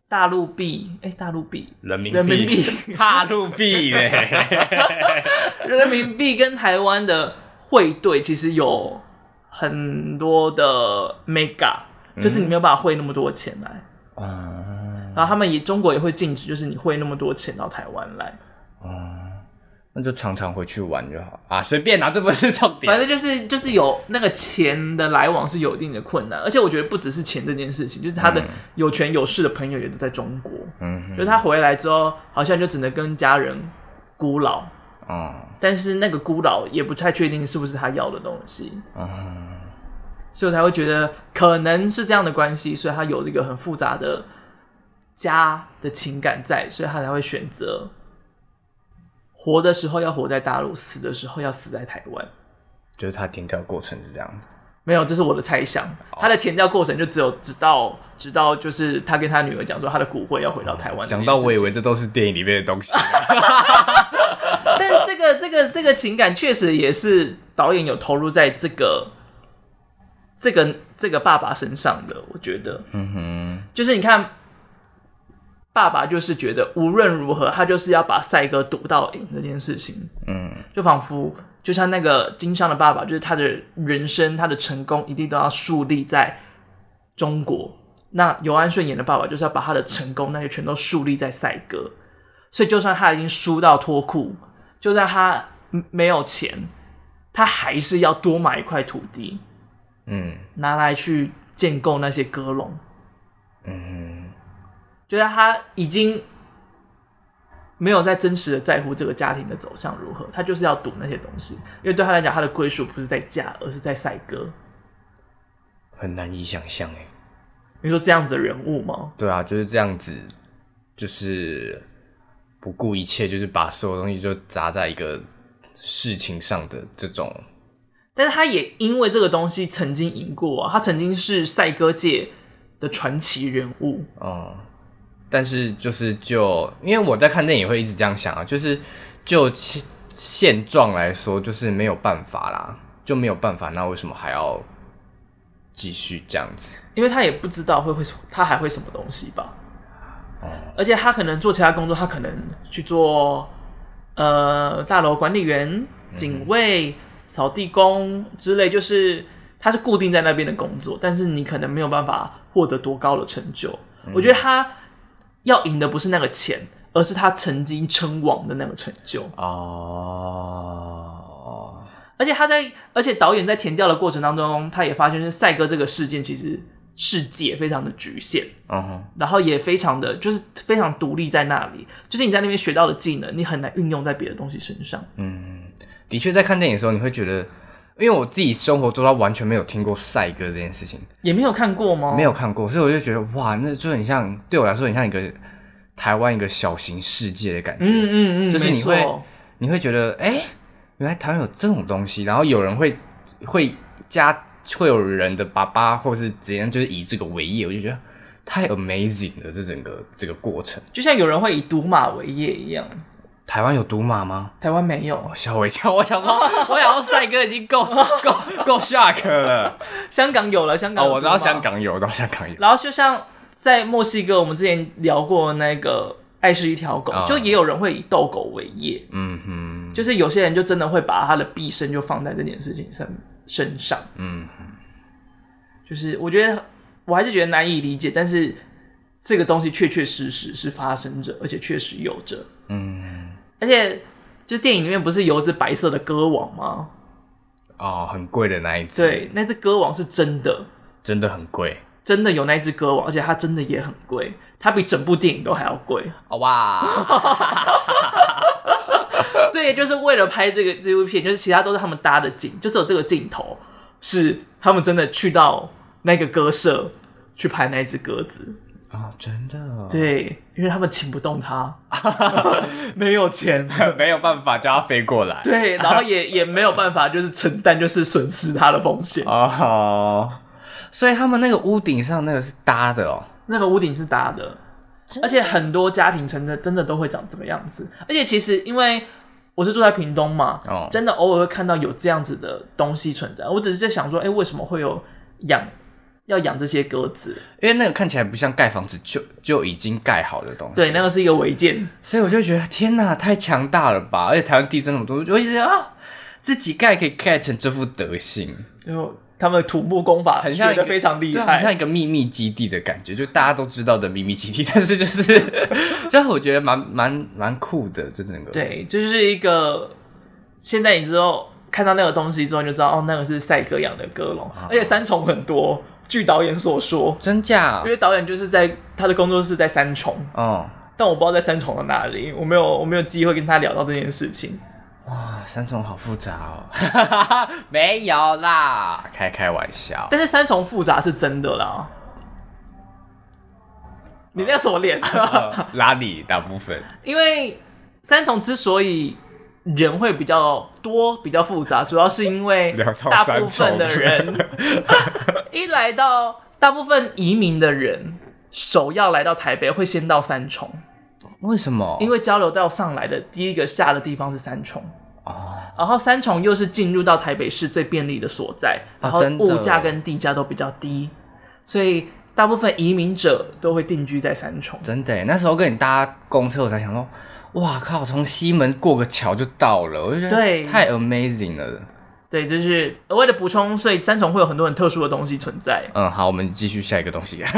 大陸幣，哎、欸，大陸幣，人民幣，人民幣，大陸幣 人民幣跟台灣的匯兌其實有很多的 Mega，就是你沒有辦法匯那麼多錢來。嗯。然後他們也，中國也會禁止，就是你匯那麼多錢到台灣來。嗯那就常常回去玩就好啊，隨便拿，啊、這不是重點、啊。反正就是就是有那個錢的來往是有一定的困難，而且我覺得不只是錢這件事情，就是他的有權有勢的朋友也都在中國，嗯，就是他回來之後好像就只能跟家人孤老，嗯，但是那個孤老也不太確定是不是他要的東西，嗯，所以我才會覺得可能是這樣的關係，所以他有這個很複雜的家的情感在，所以他才會選擇。活的時候要活在大陸，死的時候要死在台灣，就是他田調過程是這樣子。沒有，這是我的猜想。哦、他的田調過程就只有直到直到，就是他跟他女兒講說他的骨灰要回到台灣。哦、講到我以為這都是電影裡面的東西，但這個這個這個情感確實也是導演有投入在這個這個這個爸爸身上的。我覺得，嗯哼，就是你看。爸爸就是覺得無論如何，他就是要把賽鴿賭到贏這件事情。嗯，就仿佛就像那個經商的爸爸，就是他的人生，他的成功一定都要樹立在中國。那游安順演的爸爸，就是要把他的成功那些全都樹立在賽鴿。所以，就算他已經輸到脫褲，就算他沒有錢，他還是要多買一塊土地，嗯，拿來去建構那些鴿籠，嗯。覺得他已經沒有在真實的在乎這個家庭的走向如何，他就是要賭那些東西，因為對他來講，他的歸屬不是在家，而是在賽鴿。很難以想象哎，你說這樣子的人物嗎？對啊，就是這樣子，就是不顧一切，就是把所有東西就砸在一個事情上的這種，但是他也因為這個東西曾經贏過啊，他曾經是賽鴿界的傳奇人物啊。嗯但是就是就因為我在看電影會一直這樣想啊，就是就現現狀來說，就是沒有辦法啦，就沒有辦法。那為什麼還要繼續這樣子？因為他也不知道會會他還會什麼東西吧。嗯、而且他可能做其他工作，他可能去做呃大樓管理員、警衛、掃、嗯、哼地工之類，就是他是固定在那邊的工作，但是你可能沒有辦法獲得多高的成就。嗯、哼我覺得他。要贏的不是那個錢，而是他曾經稱王的那個成就哦。Oh. 而且他在，而且導演在田調的過程當中，他也發現，是賽鴿這個事件其實世界非常的局限，oh. 然後也非常的就是非常獨立在那裡，就是你在那邊學到的技能，你很難運用在別的東西身上。嗯，的確，在看電影的時候，你會覺得。因為我自己生活周遭完全沒有聽過賽鴿這件事情，也沒有看過嗎？沒有看過，所以我就覺得哇，那就很像對我來說，很像一個台灣一個小型世界的感覺。嗯嗯嗯，嗯嗯就是你會錯你會覺得哎、欸，原來台灣有這種東西，然後有人會會加會有人的爸爸，或者是怎樣，就是以這個為業，我就覺得太 amazing 了這整個這個過程，就像有人會以賭馬為業一樣。台灣有賭馬嗎？台灣沒有。哦、小偉叫我， 我想說，我想說，帥哥已經夠夠夠 shock 了。香港有了，香港我知道香港有，我知道香港有。然後就像在墨西哥，我們之前聊過那個愛是一條狗，嗯、就也有人會以鬥狗為業。嗯嗯哼，就是有些人就真的會把他的畢生就放在這件事情身身上。嗯嗯哼，就是我覺得我還是覺得難以理解，但是這個東西確確實實是發生着，而且確實有着。嗯。而且，就電影裡面不是有隻白色的鴿王嗎？哦，oh, 很貴的那一隻。對，那隻鴿王是真的，真的很貴。真的有那隻鴿王，而且它真的也很貴，它比整部電影都還要貴，哇！哈哈哈。所以就是為了拍這個這部片，就是其他都是他們搭的景，就只有這個鏡頭是他們真的去到那個鴿舍去拍那隻鴿子。啊，oh, 真的、哦？對，因為他們請不動他， 沒有錢， 沒有辦法叫他飛過來。對，然後也 也沒有辦法，就是承擔，就是損失他的風險。哦，oh. 所以他們那個屋頂上那個是搭的哦，那個屋頂是搭的，的而且很多家庭真的真的都會長這個樣子。而且其實，因為我是住在屏東嘛，oh. 真的偶爾會看到有這樣子的東西存在。我只是在想說，哎、欸，為什麼會有養？要養這些鴿子，因為那個看起來不像蓋房子就、就就已經蓋好的東西。對，那個是一個違建，所以我就覺得天哪，太強大了吧！而且台灣地震很多，我覺得啊，自己蓋可以蓋成這副德行，就他們土木工法很像一個非常厲害，很像一個秘密基地的感覺，就大家都知道的秘密基地，但是就是這樣， 就我覺得蠻蠻蠻酷的，真的。對，就是一個現在你之後看到那個東西之後，就知道哦，那個是賽鴿養的鴿籠，啊、而且三重很多。據導演所說，真假？因為導演就是在他的工作室在三重哦，嗯、但我不知道在三重的哪裡，我沒有我沒有機會跟他聊到這件事情。哇，三重好複雜哦， 沒有啦，開開玩笑。但是三重複雜是真的啦，嗯、你不要說我臉啊，哪裡大部分？因為三重之所以。人會比較多，比較複雜，主要是因為大部分的人 一來到，大部分移民的人首要來到台北會先到三重，為什麼？因為交流道上來的第一個下的地方是三重，哦、然後三重又是進入到台北市最便利的所在，哦、然後物價跟地價都比較低，啊、所以大部分移民者都會定居在三重。真的，那時候跟你搭公車，我才想說，哇靠！從西門過個橋就到了，我就覺得太 amazing 了對。對，就是額外的補充，所以三重會有很多很特殊的東西存在。嗯，好，我們繼續下一個東西。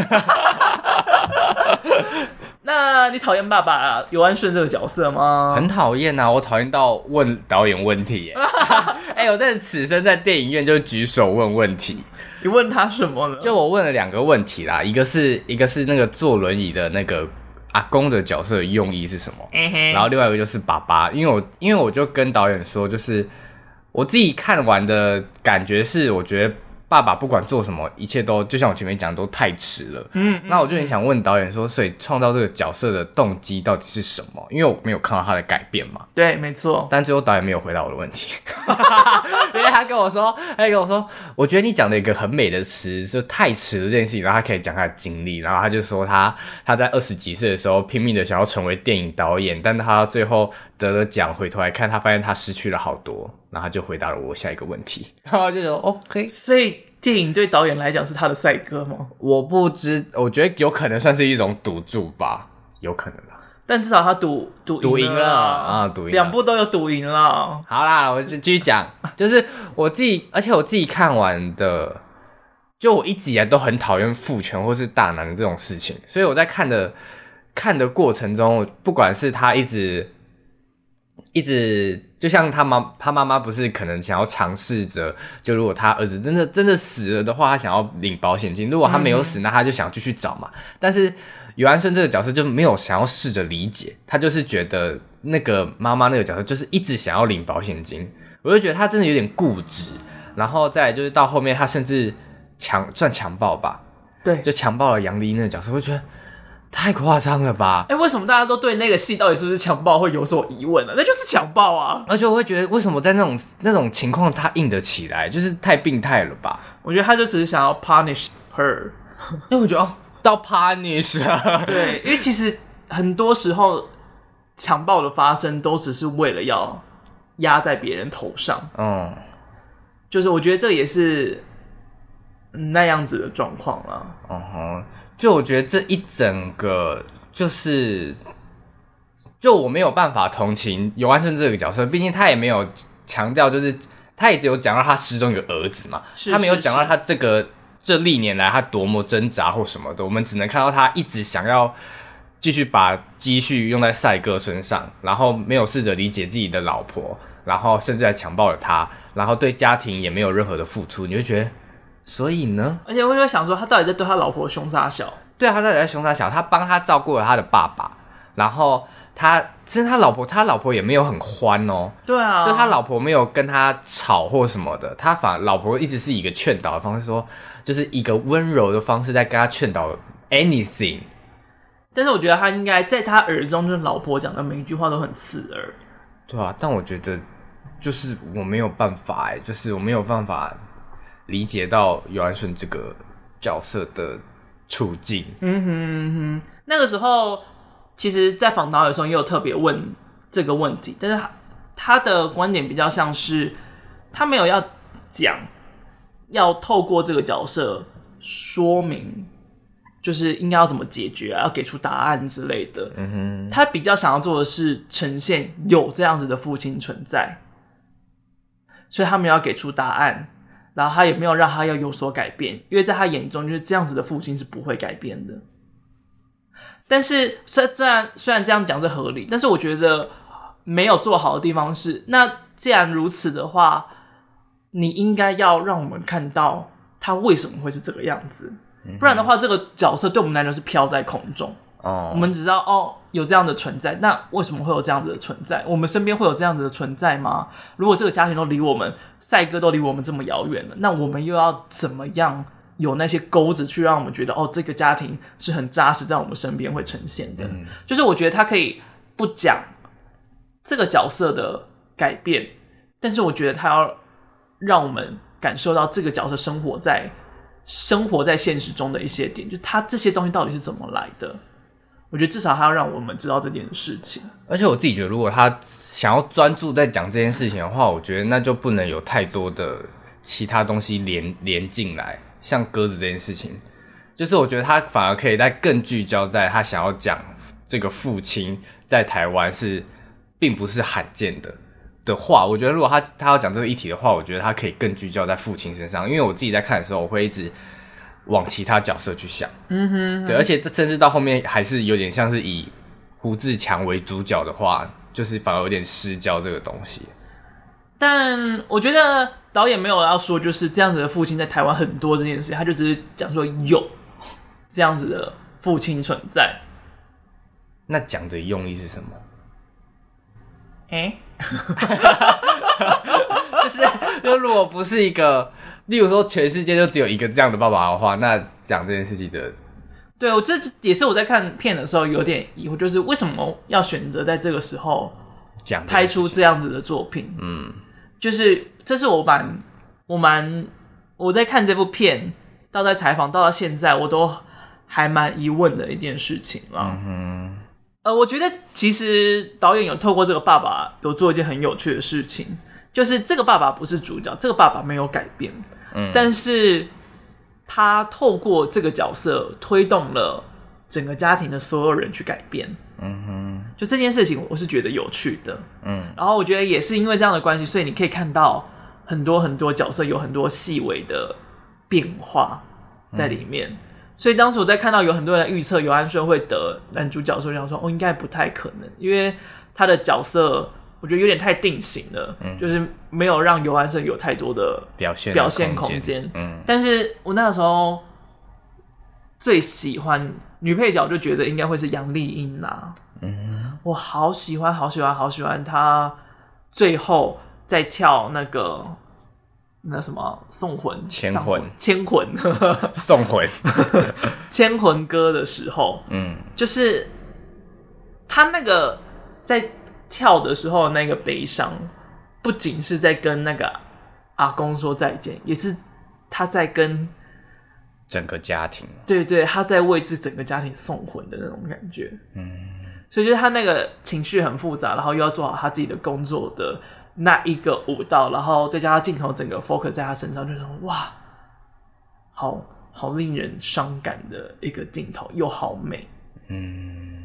那你討厭爸爸游、啊、安順這個角色嗎？很討厭啊，我討厭到問導演問題、欸。哎 呦、欸，但此生在電影院就舉手問問題。你問他什麼呢？就我問了兩個問題啦，一個是一個是那個坐輪椅的那個。阿公的角色的用意是什麼？ 然後另外一個就是爸爸，因為我因為我就跟導演說，就是我自己看完的感覺是，我覺得。爸爸不管做什麼，一切都就像我前面講的，都太遲了。嗯，那我就很想問導演說，嗯，所以創造這個角色的動機到底是什麼？因為我沒有看到他的改變嘛。對，沒錯。但最後導演沒有回答我的問題，因為 他跟我說，他跟我說，我覺得你講的一個很美的詞，就是太遲了，這件事情，然後他可以講他的經歷，然後他就說他他在二十幾歲的時候拼命的想要成為電影導演，但他最後。得了獎，回頭來看，他發現他失去了好多，然後他就回答了我下一個問題。他 就說：“OK，所以電影對導演來講是他的賽鴿嗎？”我不知，我覺得有可能算是一種賭注吧，有可能啦，但至少他賭賭贏了，啦了啦啊，賭贏，兩部都有賭贏了啦。好啦，我就繼續講， 就是我自己，而且我自己看完的，就我一直以來都很討厭父權或是大男的這種事情，所以我在看的看的過程中，不管是他一直。一直就像他媽他媽媽不是可能想要嘗試着，就如果他兒子真的真的死了的話，他想要領保險金；如果他沒有死，嗯、那他就想繼續找嘛。但是游安順這個角色就沒有想要試着理解，他就是覺得那個媽媽那個角色就是一直想要領保險金，我就覺得他真的有點固執。然後再就是到後面，他甚至強算強暴吧，對，就強暴了楊麗音那個角色，我就覺得。太誇張了吧！哎、欸，為什麼大家都對那個戲到底是不是強暴會有所疑問呢、啊？那就是強暴啊！而且我會覺得，為什麼在那種那種情況他硬得起來，就是太病態了吧？我覺得他就只是想要 punish her，因為我覺得哦，到 punish 了，對，因為其實很多時候強暴的發生都只是為了要壓在別人頭上。嗯，就是我覺得這也是那樣子的狀況啦。哦、uh huh. 就我覺得這一整個就是，就我沒有辦法同情游安順這個角色，畢竟他也沒有強調，就是他也只有講到他失蹤一個兒子嘛，是是是他沒有講到他這個是是這歷年來他多麼掙扎或什麼的，我們只能看到他一直想要繼續把積蓄用在賽鴿身上，然後沒有試着理解自己的老婆，然後甚至還強暴了他，然後對家庭也沒有任何的付出，你就覺得。所以呢？而且我沒有想說，他到底在對他老婆兇殺小？對啊，他到底在兇殺小？他幫他照顧了他的爸爸，然後他其實他老婆，他老婆也沒有很歡哦。對啊，就他老婆沒有跟他吵或什麼的，他反老婆一直是以一個勸導的方式說，說就是以一個溫柔的方式在跟他勸導 anything。但是我覺得他應該在他耳中，就是老婆講的每一句話都很刺耳。對啊，但我覺得就是我沒有辦法哎，就是我沒有辦法。理解到游安順這個角色的處境。嗯哼哼，那個時候，其實，在訪導的時候也有特別問這個問題，但是他他的觀點比較像是他沒有要講，要透過這個角色說明，就是應該要怎麼解決，啊，要給出答案之類的。嗯哼，他比較想要做的是呈現有這樣子的父親存在，所以他沒有要給出答案。然後他也沒有讓他要有所改變，因為在他眼中就是這樣子的父親是不會改變的。但是，雖雖然雖然這樣講是合理，但是我覺得沒有做好的地方是，那既然如此的話，你應該要讓我們看到他為什麼會是這個樣子，嗯哼。不然的話，這個角色對我們來說是飄在空中。哦，oh. 我們只知道哦有這樣的存在，那為什麼會有這樣子的存在？我們身邊會有這樣子的存在嗎？如果這個家庭都離我們，賽鴿都離我們這麼遙遠了，那我們又要怎麼樣有那些鈎子去讓我們覺得哦，這個家庭是很扎實在我們身邊會呈現的？Mm. 就是我覺得他可以不講這個角色的改變，但是我覺得他要讓我們感受到這個角色生活在生活在現實中的一些點，就是他這些東西到底是怎麼來的？我覺得至少他要讓我們知道這件事情，而且我自己覺得，如果他想要專注在講這件事情的話，我覺得那就不能有太多的其他東西連連進來，像鴿子這件事情，就是我覺得他反而可以再更聚焦在他想要講這個父親在台灣是並不是罕見的的話，我覺得如果他他要講這個議題的話，我覺得他可以更聚焦在父親身上，因為我自己在看的時候，我會一直。往其他角色去想，嗯哼嗯，對，而且甚至到後面還是有點像是以胡智強為主角的話，就是反而有點失焦這個東西。但我覺得導演沒有要說就是這樣子的父親在台灣很多這件事情，他就只是講說有這樣子的父親存在。那講的用意是什麼？哎， 就是，如果不是一個。例如說，全世界就只有一個這樣的爸爸的話，那講這件事情的，對，我這也是我在看片的時候有點疑惑，就是為什麼要選擇在這個時候講拍出這樣子的作品？嗯，就是這是我蠻我蠻我，我在看這部片到在採訪到到現在，我都還蠻疑問的一件事情了。嗯、哼呃，我覺得其實導演有透過這個爸爸有做一件很有趣的事情。就是這個爸爸不是主角，這個爸爸沒有改變，嗯、但是他透過這個角色推動了整個家庭的所有人去改變，嗯哼，就這件事情我是覺得有趣的，嗯，然後我覺得也是因為這樣的關係，所以你可以看到很多很多角色有很多細微的變化在裡面，嗯、所以當時我在看到有很多人預測游安順會得男主角的時候，我想說哦，應該不太可能，因為他的角色。我覺得有點太定型了，嗯、就是沒有讓游安順有太多的表現的表現空間。嗯，但是我那個時候最喜歡女配角，就覺得應該會是楊麗英啦、啊。嗯，我好喜歡，好喜歡，好喜歡她最後在跳那個那什麼送魂千魂千魂送魂千魂歌的時候，嗯，就是她那個在。跳的時候那個悲傷，不僅是在跟那個阿公說再見，也是他在跟整個家庭。對，對對，他在為這整個家庭送魂的那種感覺。嗯，所以就是他那個情緒很複雜，然後又要做好他自己的工作的那一個舞蹈，然後再加上鏡頭整個 focus 在他身上，就是哇，好好令人傷感的一個鏡頭，又好美。嗯。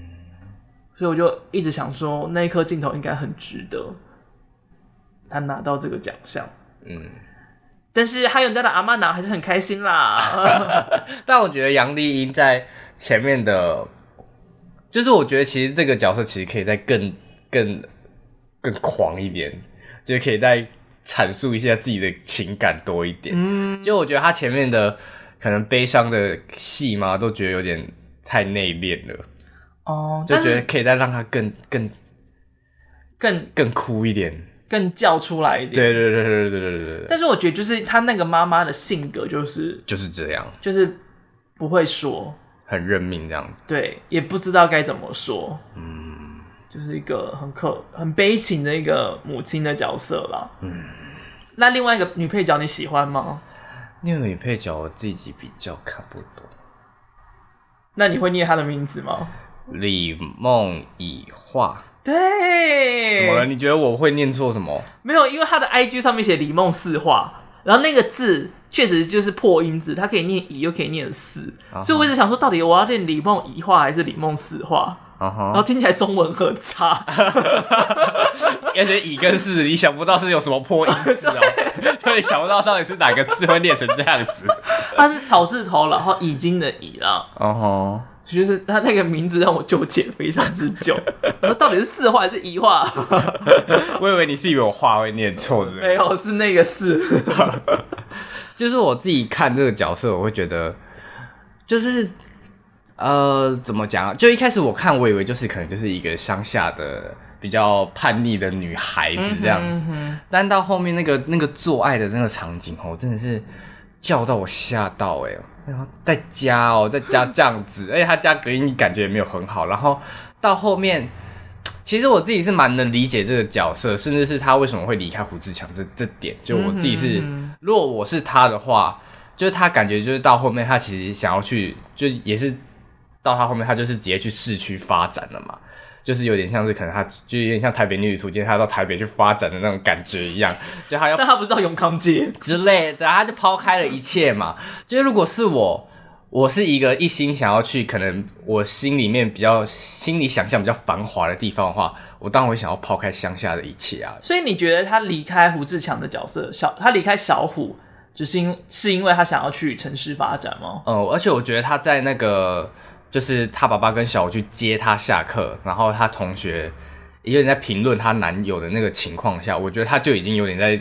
所以我就一直想說，那一顆鏡頭應該很值得他拿到這個獎項。嗯，但是還有人家的阿媽拿，還是很開心啦。 但我覺得楊麗音在前面的，就是我覺得其實這個角色其實可以再更更更狂一點，就可以再闡述一下自己的情感多一點。嗯，就我覺得他前面的可能悲傷的戲嘛，都覺得有點太內斂了。哦，oh, 是就覺得可以再讓她更更更更哭一點，更叫出來一點。對對對對對對對，對，但是我覺得，就是她那個媽媽的性格，就是就是這樣，就是不會說，很認命這樣子。對，也不知道該怎麼說。嗯，就是一個很可很悲情的一個母親的角色了。嗯，那另外一個女配角你喜歡嗎？那個女配角我自己比較看不懂。那你會唸她的名字嗎？李夢乙畫，以對，怎麼了？你覺得我會念錯什麼？沒有，因為他的 I G 上面寫李夢四畫，然後那個字確實就是破音字，它可以念乙，又可以念四，uh huh. 所以我一直想說，到底我要念李夢乙畫還是李夢四畫？Uh huh. 然後聽起來中文很差， 而且乙跟四，你想不到是有什麼破音字哦、啊， 對 有點想不到到底是哪個字會念成這樣子。它 是草字頭，然後已經的已了。哦、uh。Huh. 就是他那個名字讓我糾結非常之久， 到底是四畫還是一畫？ 我以為你是以為我話會念錯，沒有、欸、是那個四。 就是我自己看這個角色，我會覺得就是呃，怎麼講、啊？就一開始我看，我以為就是可能就是一個鄉下的比較叛逆的女孩子這樣子，嗯嗯，但到後面那個那個做愛的那個場景哦，我真的是叫到我嚇到哎、欸。然後在家哦，在家這樣子， 而且他家隔音感覺也沒有很好。然後到後面，其實我自己是蠻能理解這個角色，甚至是他為什麼會離開胡智強這這點，就我自己是，嗯、哼如果我是他的話，就是他感覺就是到後面他其實想要去，就也是到他後面他就是直接去市區發展了嘛。就是有點像是可能他，就有點像台北女子圖鑑，今天他到台北去發展的那種感覺一樣，就他要，但他不知道永康街之類的，他就拋開了一切嘛。 就是如果是我，我是一個一心想要去可能我心裡面比較心裡想象比較繁華的地方的話，我當然會想要拋開鄉下的一切啊。所以你覺得他離開胡智強的角色，小他離開小虎，就是因是因為他想要去城市發展嗎？呃、嗯，而且我覺得他在那個。就是他爸爸跟小虎去接他下課，然後他同學也有人在評論他男友的那個情況下，我覺得他就已經有點在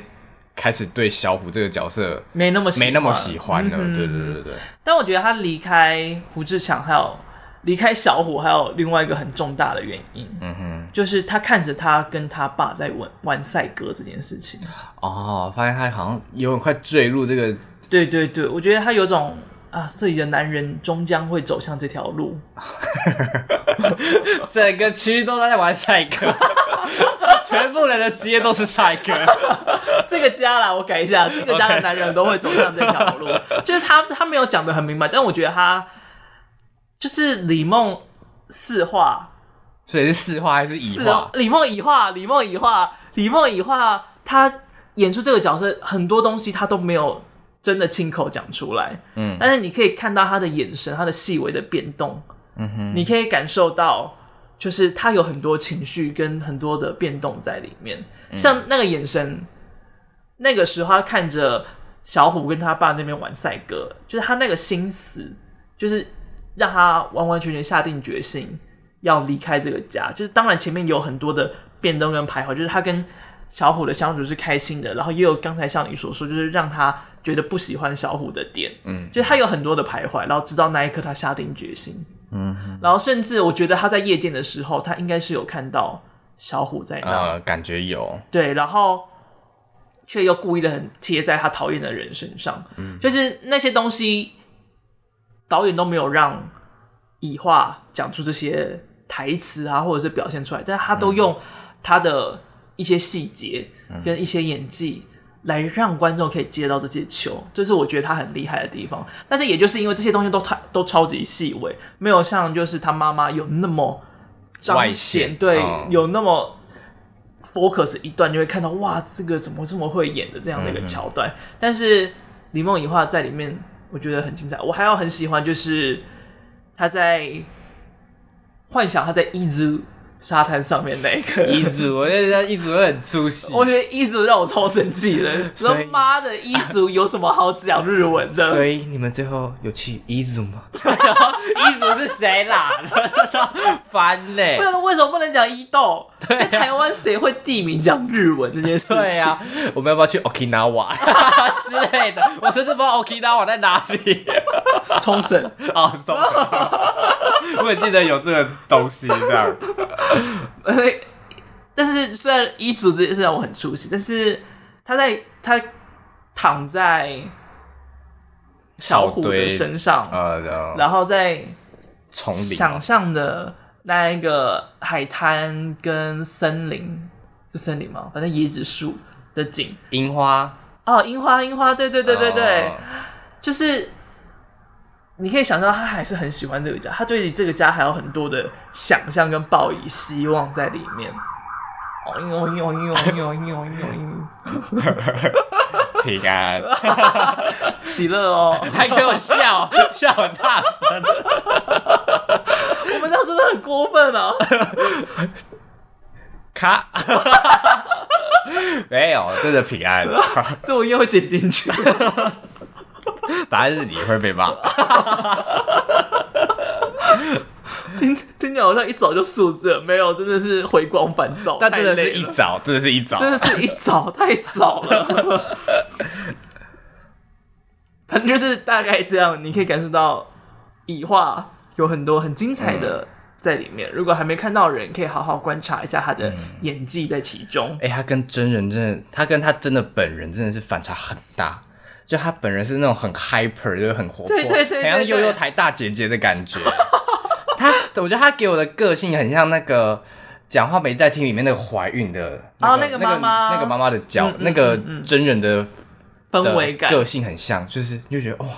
開始對小虎這個角色沒那麼沒那麼喜歡了。對對對對。但我覺得他離開胡智強還有離開小虎，還有另外一個很重大的原因，嗯哼，就是他看着他跟他爸在玩玩賽鴿這件事情，哦，發現他好像有點快墜入這個，對對對，我覺得他有種。啊，這裡的男人終將會走向這條路。 整個區都在玩賽鴿 全部人的職業都是賽鴿 這個家啦，我改一下，這個家的男人都會走向這條路。Okay. 就是他，他沒有講得很明白，但我覺得他就是李夢四化，所以是四化還是乙化？李夢乙化，李夢乙化，李夢乙化，他演出這個角色很多東西他都沒有。真的親口講出來，嗯，但是你可以看到他的眼神，他的細微的變動，嗯哼，你可以感受到，就是他有很多情緒跟很多的變動在裡面。像那個眼神，嗯，那個時候他看着小虎跟他爸那邊玩賽鴿，就是他那個心思，就是讓他完完全全下定決心要離開這個家。就是當然前面有很多的變動跟徘徊，就是他跟。小虎的相處是開心的，然後也有剛才像你所說，說，就是讓他覺得不喜歡小虎的點，嗯，就他有很多的徘徊，然後直到那一刻他下定決心，嗯哼，然後甚至我覺得他在夜店的時候，他應該是有看到小虎在那裡，呃，感覺有，對，然後卻又故意的很貼在他討厭的人身上，嗯，就是那些東西，導演都沒有讓以話講出這些台詞啊，或者是表現出來，但是他都用他的。嗯一些細節跟一些演技，嗯、來讓觀眾可以接到這些球，就是我覺得他很厲害的地方。但是也就是因為這些東西都超都超級細微，沒有像就是他媽媽有那麼彰顯，線對，哦、有那麼 focus 一段，就會看到哇，這個怎麼這麼會演的這樣的一個橋段。嗯嗯，但是李夢苡樺在裡面，我覺得很精彩。我還要很喜歡，就是他在幻想他在一茲。沙灘上面那個伊足，我覺得伊足很出息，我覺得伊足讓我超生氣的，以說媽的伊足有什麼好講日文的？所以你們最後有去伊足嗎？伊足 是誰啦？煩 嘞、欸！為什麼不能講伊豆？對在台灣誰會地名講日文？那件事對呀、啊、 我們要不要去 Okinawa 之類的？我真的不知道 Okinawa 在哪裡。沖繩啊，沖繩、oh,， 我也記得有這個東西這樣。 但是，雖然衣組的也是讓我很出戲，但是他在他躺在小虎的身上，堆然後在想象的那一個海灘跟森林， 是森林嗎？反正椰子樹的景，櫻花，哦，櫻花，櫻花，對對對對對，oh. 就是。你可以想象他還是很喜歡這個家，他對於這個家還有很多的想象跟抱以希望在裡面。哦呦呦呦呦呦呦呦呦呦呦！平安， 喜樂哦，還給我笑,， 笑很大聲。 我們這樣真的很過分啊！卡， 沒有，真的平安，這我一定會剪進去。答案是你會被罵 今今天好像一早就素質了沒有，真的是回光返照。但真的是一早，真的是一早， 真的是一早太早了。 反正就是大概這樣，你可以感受到以畫有很多很精彩的在裡面。嗯、如果還沒看到人，可以好好觀察一下他的演技在其中。哎、嗯欸，他跟真人真的，他跟他真的本人真的是反差很大。就她本人是那種很 hyper，就是很活潑，對對對，對，很像幼幼台大姐姐的感覺。她， 我覺得她給我的個性很像那個《講話沒在聽》裡面那個懷孕的，哦、那個媽媽，那個媽媽的角，嗯嗯嗯嗯，那個真人的氛圍感，個性很像，就是你就覺得哇，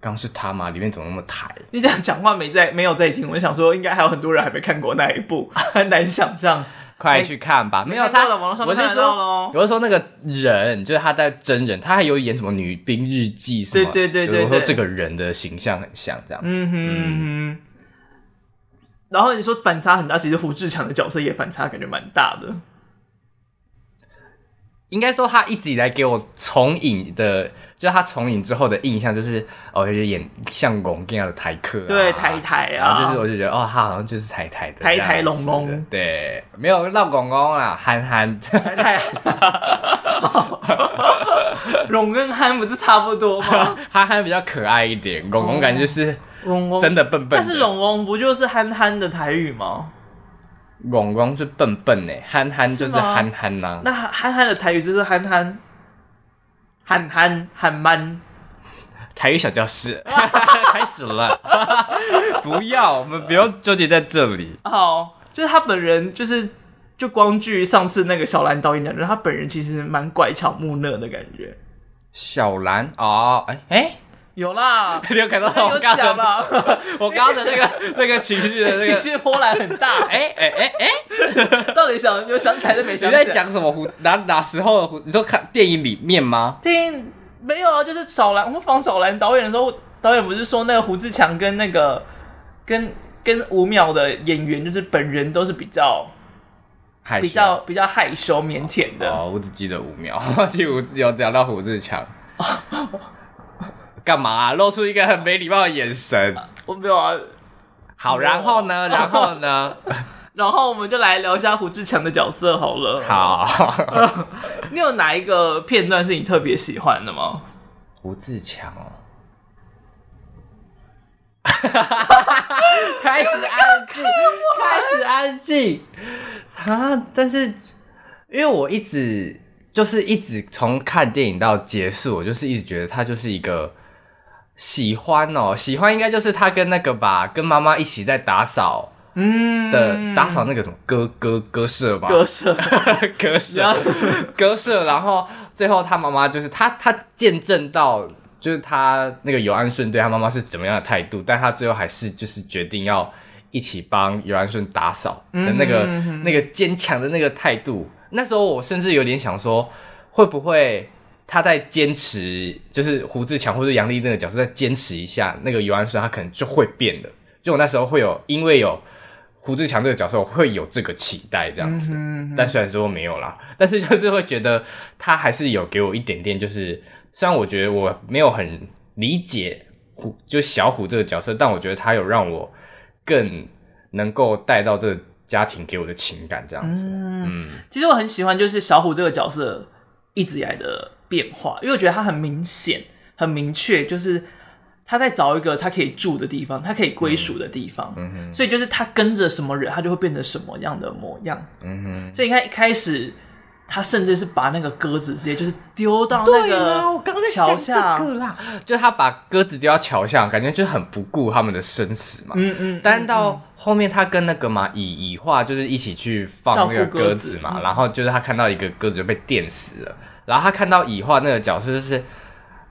剛、哦、是她嗎？裡面怎麼那麼抬？你這樣講話沒在，沒有在聽。我想說，應該還有很多人還沒看過那一部，很難想象。快去看吧，欸、沒有他，我是說有的時候那個人就是他在真人，他還有演什麼女兵日記什麼？對對對對，我說這個人的形象很像這樣子，對對對對嗯哼，嗯然後你說反差很大，其實胡智強的角色也反差感覺蠻大的，應該說他一直以來給我重影的。就他從影之後的印象就是哦，就演像公這樣的台客、啊，對台台啊，然後就是我就覺得哦，他好像就是台台的台台龍龍，對，沒有鬧公公啊，憨憨憨憨，龍台 跟憨不是差不多嗎？ 憨憨比較可愛一點，龍龍感覺就是真的笨笨的隆隆，但是龍龍不就是憨憨的台語嗎？龍龍就笨笨呢，憨憨就是憨憨呢、啊，那憨憨的台語就是憨憨。憨憨憨 m 台語小教室 開始了。 不要，我們不要糾結在這裡。哦，oh, 就是他本人、就是，就是就光據上次那個小蘭導演講，他本人其實蠻乖巧木訥的感覺。小蘭哦，哎、oh, 哎、欸。有啦， 你有看到我剛剛的？ 我剛剛的那個 那個情緒的、那個、 情緒波瀾很大。哎哎哎哎， 到底想有想起來都沒想起來，你在講什麼胡哪哪時候的？你說看電影裡面嗎？電影沒有啊，就是掃蘭，我們訪掃蘭導演的時候，導演不是說那個胡智強跟那個跟跟五秒的演員就是本人都是比較、啊、比較比較害羞靦腆的哦。哦，我只記得五吳淼，五我有聊到胡智強 幹嘛、啊？露出一個很沒禮貌的眼神、啊。我沒有啊。好，然後呢？啊、然後呢？ 然後我們就來聊一下胡智強的角色好了。好， 你有哪一個片段是你特別喜歡的嗎？胡智強哦。 開始安靜，看看開始安靜啊！但是因為我一直就是一直從看電影到結束，我就是一直覺得他就是一個。喜歡哦，喜歡應該就是他跟那個吧，跟媽媽一起在打掃，嗯的打掃那個什麼鴿鴿鴿舍、吧，鴿舍、鴿舍、鴿舍，然後最後他媽媽就是他他見證到就是他那個游安順對他媽媽是怎麼樣的態度，但他最後還是就是決定要一起幫游安順打掃的那個、嗯、那個堅強的那個態度，嗯、那時候我甚至有點想說會不會。他在堅持，就是胡智強或是楊麗音那個角色，再堅持一下，那個游安順他可能就會變了。就我那時候會有，因為有胡智強這個角色，我會有這個期待這樣子。嗯哼嗯哼。但雖然說沒有啦，但是就是會覺得他還是有給我一點點，就是雖然我覺得我沒有很理解胡，就小虎這個角色，但我覺得他有讓我更能夠帶到這個家庭給我的情感這樣子。嗯，嗯其實我很喜歡，就是小虎這個角色一直以來的變化，因為我覺得他很明顯、很明確，就是他在找一個他可以住的地方，他可以歸屬的地方。嗯,嗯哼，所以就是他跟着什麼人，他就會變成什麼樣的模樣。嗯哼，所以你看一開始，他甚至是把那個鴿子直接就是丟到那個橋下我剛在想這個，就他把鴿子丟到橋下，感覺就是很不顧他們的生死嘛。嗯嗯，嗯但是到後面，他跟那個嘛，乙乙化，就是一起去放那個鴿子嘛，子嗯、然後就是他看到一個鴿子就被電死了。然後他看到乙畫那個角色，就是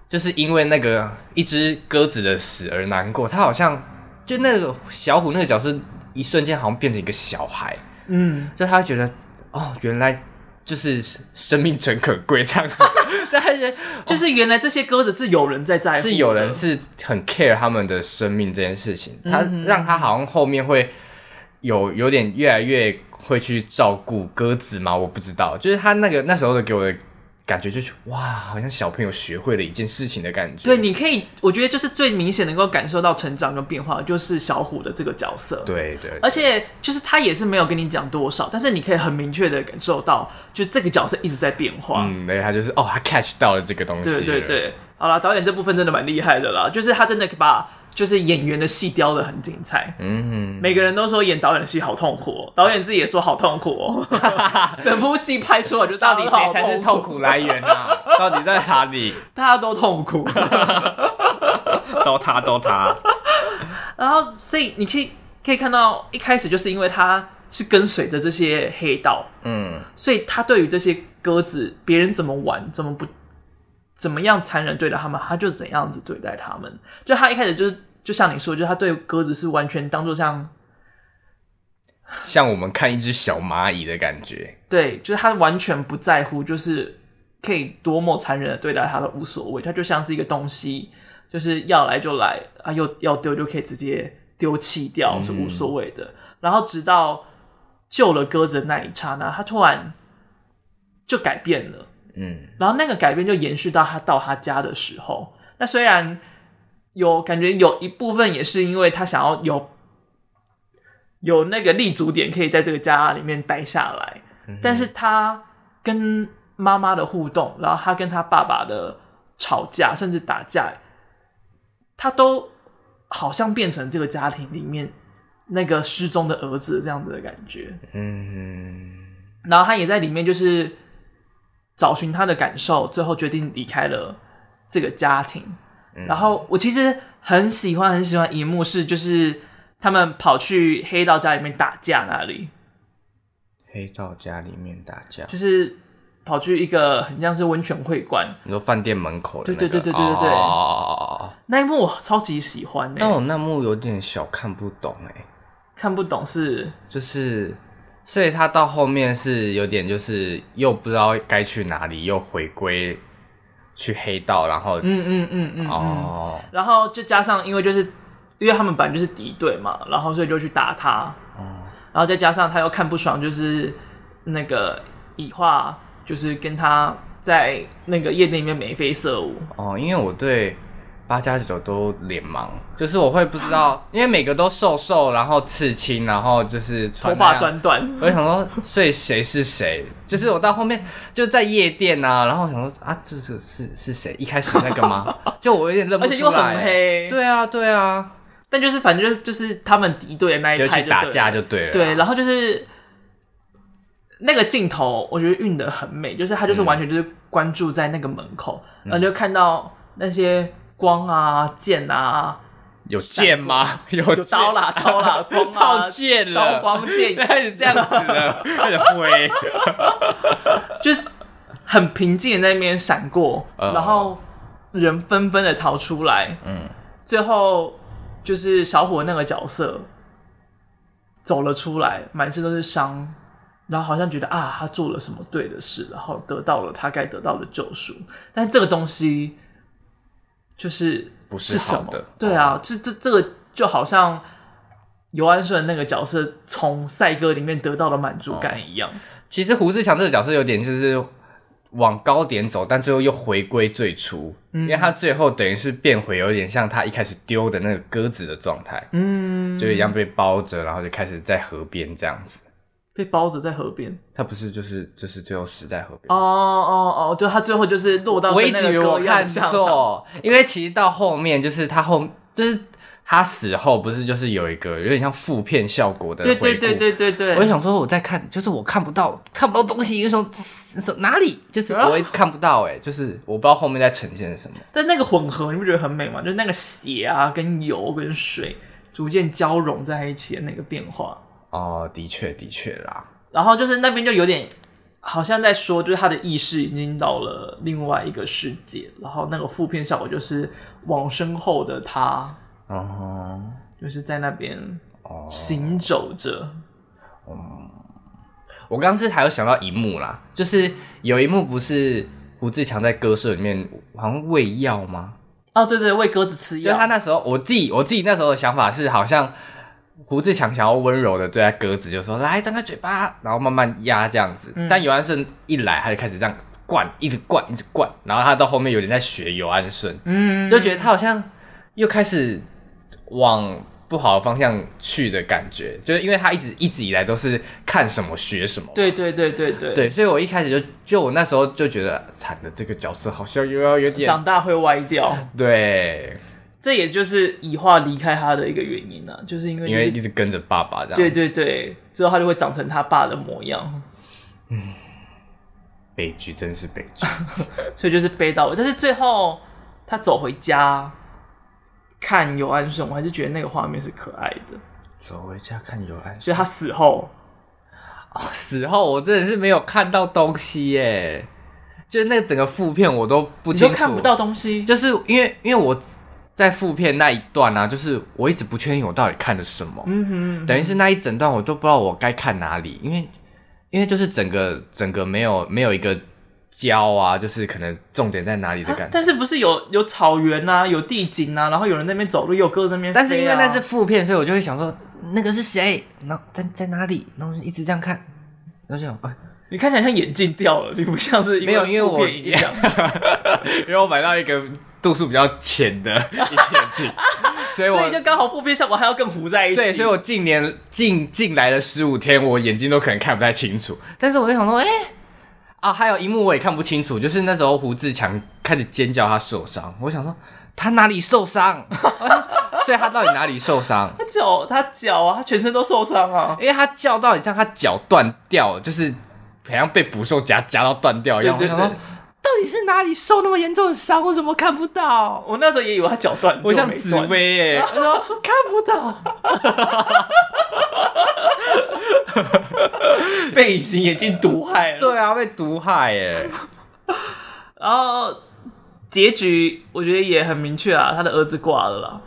就是因為那個一隻鴿子的死而難過。他好像就那個小虎那個角色，一瞬間好像變成一個小孩。嗯，就他覺得哦，原來就是生命誠可貴這樣子。 就他覺得就是原來這些鴿子是有人在在乎，是有人是很 care 他們的生命這件事情。他讓他好像後面會有有點越來越會去照顧鴿子嗎？我不知道。就是他那個那時候的給我的。感覺就是哇，好像小朋友學會了一件事情的感覺。對，你可以，我覺得就是最明顯能夠感受到成長跟變化，就是小虎的這個角色。對對，對對，而且就是他也是沒有跟你講多少，但是你可以很明確的感受到，就這個角色一直在變化。嗯，對、欸，他就是哦，他 catch 到了這個東西。對對對。好了，導演這部分真的蠻厲害的啦，就是他真的把就是演員的戲雕的很精彩。嗯，嗯，每個人都說演導演的戲好痛苦，哦，導演自己也說好痛苦哦。啊， 整部戲拍出來，就到底誰才是痛苦來源啊？到底在哪裡？ 大家都痛苦 都。都他都他。 然後，所以你可以可以看到，一開始就是因為他是跟隨着這些黑道，嗯，所以他對於這些鴿子，別人怎麼玩，怎麼不。怎麼樣殘忍對待他們，他就怎樣子對待他們。就他一開始就是，就像你說，就他對鴿子是完全當做像，像我們看一隻小螞蟻的感覺。對，就是他完全不在乎，就是可以多麼殘忍的對待他都無所謂。他就像是一個東西，就是要來就來啊，又要丟就可以直接丟棄掉，是無所謂的。嗯。然後直到救了鴿子的那一剎那，他突然就改變了。嗯，然後那個改變就延續到他到他家的時候。那雖然有感覺有一部分也是因為他想要有有那個立足點可以在這個家裡面待下來，但是他跟媽媽的互動，然後他跟他爸爸的吵架甚至打架，他都好像變成這個家庭裡面那個失蹤的兒子這樣子的感覺。嗯，嗯，然後他也在裡面就是。找尋他的感受，最後決定離開了這個家庭。嗯、然後我其實很喜歡很喜歡一幕，是就是他們跑去黑道家裡面打架那裡。黑道家裡面打架，就是跑去一個很像是溫泉會館，很多飯店門口的對、那個、對對對對對對。哦、那一幕我超級喜歡、欸，但我那幕有點小看不懂、欸、看不懂是就是。所以他到後面是有點就是又不知道該去哪裡，又回歸去黑道，然後嗯嗯嗯嗯，嗯哦，然後就加上因為就是因為他們本來就是敵對嘛，然後所以就去打他，哦，然後再加上他又看不爽，就是那個以畫，就是跟他在那個夜店裡面眉飛色舞哦，因為我對。八加九,九都臉盲，就是我會不知道，因為每個都瘦瘦，然後刺青，然後就是頭髮短短，我想說，所以誰是誰？ 就是我到後面就在夜店啊，然後想說啊，這個是是，是誰？一開始那個嗎？ 就我有點認不出來，而且又很黑。對啊，對啊。但就是反正、就是、就是他們敵對的那一派就就去打架就對了。對，然後就是那個鏡頭，我覺得運得很美，就是他就是完全就是關注在那個門口，然後、嗯呃、就看到那些。光啊，劍啊，有劍嗎？過有、啊、刀啦，刀啦，光炮、啊、劍， 刀，了刀光劍開始這樣子了，揮， 就是很平靜的在那邊閃過， 然後人紛紛的逃出來，嗯、最後就是小虎的那個角色走了出來，滿身都是傷，然後好像覺得啊，他做了什麼對的事，然後得到了他該得到的救贖，但是這個東西。就是不是什麼是好的，對啊，哦、這這這個就好像游安順那個角色從賽鴿裡面得到的滿足感一樣。哦、其實胡智強這個角色有點就是往高點走，但最後又回歸最初，嗯、因為他最後等於是變回有點像他一開始丟的那個鴿子的狀態，嗯，就一樣被包着，然後就開始在河邊這樣子。被包着在河邊，他不是就是就是最後死在河邊，哦哦哦，oh, oh, oh, oh, 就他最後就是落到那個一我，我一直以為我看錯，因為其實到後面就是他後、嗯、就是他死後不是就是有一個有點像負片效果的，對對對對對對，我也想說我在看就是我看不到看不到東西，因為說哪裡就是我一直看不到誒、欸 oh. 就是我不知道後面在呈現什麼，但那個混合你不覺得很美嗎？就是那個血啊跟油跟水逐漸交融在一起的那個變化。哦、uh，的確，的確啦。然後就是那邊就有點，好像在說，就是他的意識已經到了另外一個世界。然後那個負片效果就是往生後的他，哦、uh，huh. 就是在那邊行走着。嗯、uh，huh. uh huh. uh huh. 我剛剛是還有想到一幕啦，就是有一幕不是胡智強在鴿舍裡面好像餵藥嗎？哦，uh, 對,對對，餵鴿子吃藥。就他那時候，我自己我自己那時候的想法是好像。胡智強想要溫柔的對待鴿子，就說：“來，張開嘴巴，然後慢慢壓這樣子。嗯”但游安順一來，他就開始這樣灌，一直灌，一直灌。然後他到後面有點在學游安順，嗯嗯嗯就覺得他好像又開始往不好的方向去的感覺，就是因為他一直一直以來都是看什麼學什麼。對對對對對。對，所以我一開始就就我那時候就覺得慘的，這個角色好像又要有點長大會歪掉。對。這也就是以化離開他的一個原因啊，就是因為、就是、因為一直跟着爸爸的，對對對，之後他就會長成他爸的模樣。嗯，悲劇真是悲劇， 所以就是悲到我。但是最後他走回家看游安順，我還是覺得那個畫面是可愛的。走回家看游安順，所以他死後、哦、死後我真的是沒有看到東西耶，就是那個整個副片我都不清楚，你都看不到東西，就是因為因為我。在副片那一段呢、啊,就是我一直不確定我到底看的什麼，嗯哼嗯哼，等於是那一整段我都不知道我該看哪裡，因為因為就是整個整個沒有沒有一個焦啊,就是可能重點在哪裡的感覺。啊、但是不是有有草原啊,有地景啊,然後有人在那邊走路,有鴿在那邊、啊。但是因為那是副片,所以我就會想說那個是誰,然後在在哪裡,然後一直這樣看,然後就哎,啊、你看起來像眼鏡掉了,你不像是一個副片影響。沒有,因為我 因為我買到一個。度數比較淺的一些眼鏡，所以我 所以就剛好複片效果還要更糊在一起。對，所以我近年近近來了十五天，我眼睛都可能看不太清楚。但是我就想說，哎、欸、啊，還有一幕我也看不清楚，就是那時候胡智強開始尖叫，他受傷。我想說，他哪裡受傷？ 所以他到底哪裡受傷？ 他腳，他腳啊，他全身都受傷啊。因為他叫到底像他腳斷掉，就是好像被捕獸夾夾到斷掉一樣。對對對，我想說。到底是哪裡受那麼嚴重的傷？為什麼看不到？我那時候也以為他腳斷，我像紫薇耶，我說看不到，被隱形眼鏡毒害了。對啊，被毒害耶、欸。然後結局我覺得也很明確啊，他的兒子掛了啦。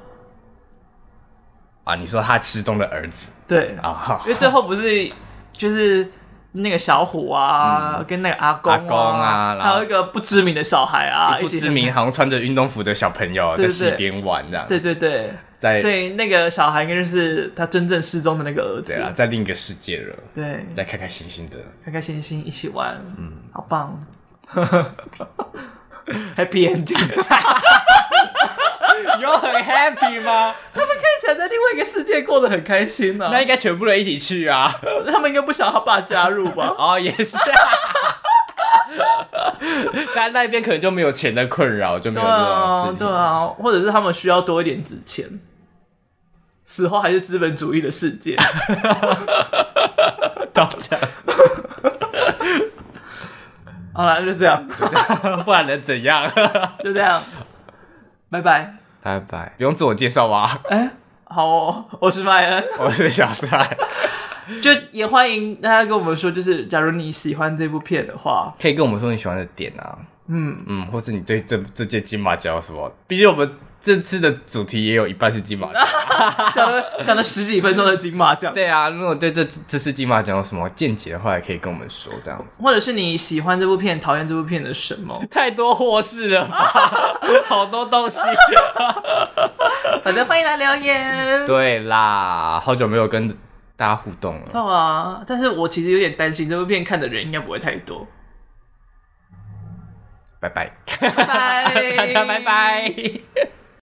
啊，你說他失蹤的兒子？對啊， 因為最後不是就是。那個小虎啊，跟那個阿公阿公啊，還有一個不知名的小孩啊，不知名好像穿着運動服的小朋友在溪邊玩啊。對對對，所以那個小孩應該就是他真正失蹤的那個兒子，啊。在另一個世界了。對，在開開心心的，開開心心一起玩，嗯，好棒，Happy ending。you 很 happy 嗎？他們看起來在另外一個世界過得很開心呢、啊。那應該全部人一起去啊？他們應該不想要他爸加入吧？哦，也是這樣。在那邊可能就沒有錢的困擾，就沒有這種事情。對啊，對啊，或者是他們需要多一點紙錢。死後還是資本主義的世界，當然，好了， 就這樣，不然能怎樣？ 就這樣，拜拜。拜拜，bye bye 不用自我介紹吧？哎、欸，好、哦，我是麥恩，我是小蔡， 就也歡迎大家跟我們說，就是假如你喜歡這部片的話，可以跟我們說你喜歡的點啊，嗯嗯，或者你對這這屆金馬獎有什麼？畢竟我們。這次的主題也有一半是金馬獎， 講了講了十幾分鐘的金馬獎。 對啊，如果對這這次金馬獎有什麼見解的話，也可以跟我們說。這樣子，或者是你喜歡這部片，討厭這部片的什麼？太多貨事了吧， 好多東西。反正歡迎來留言。對啦，好久沒有跟大家互動了。啊，但是我其實有點擔心這部片看的人應該不會太多。拜拜，大家拜拜。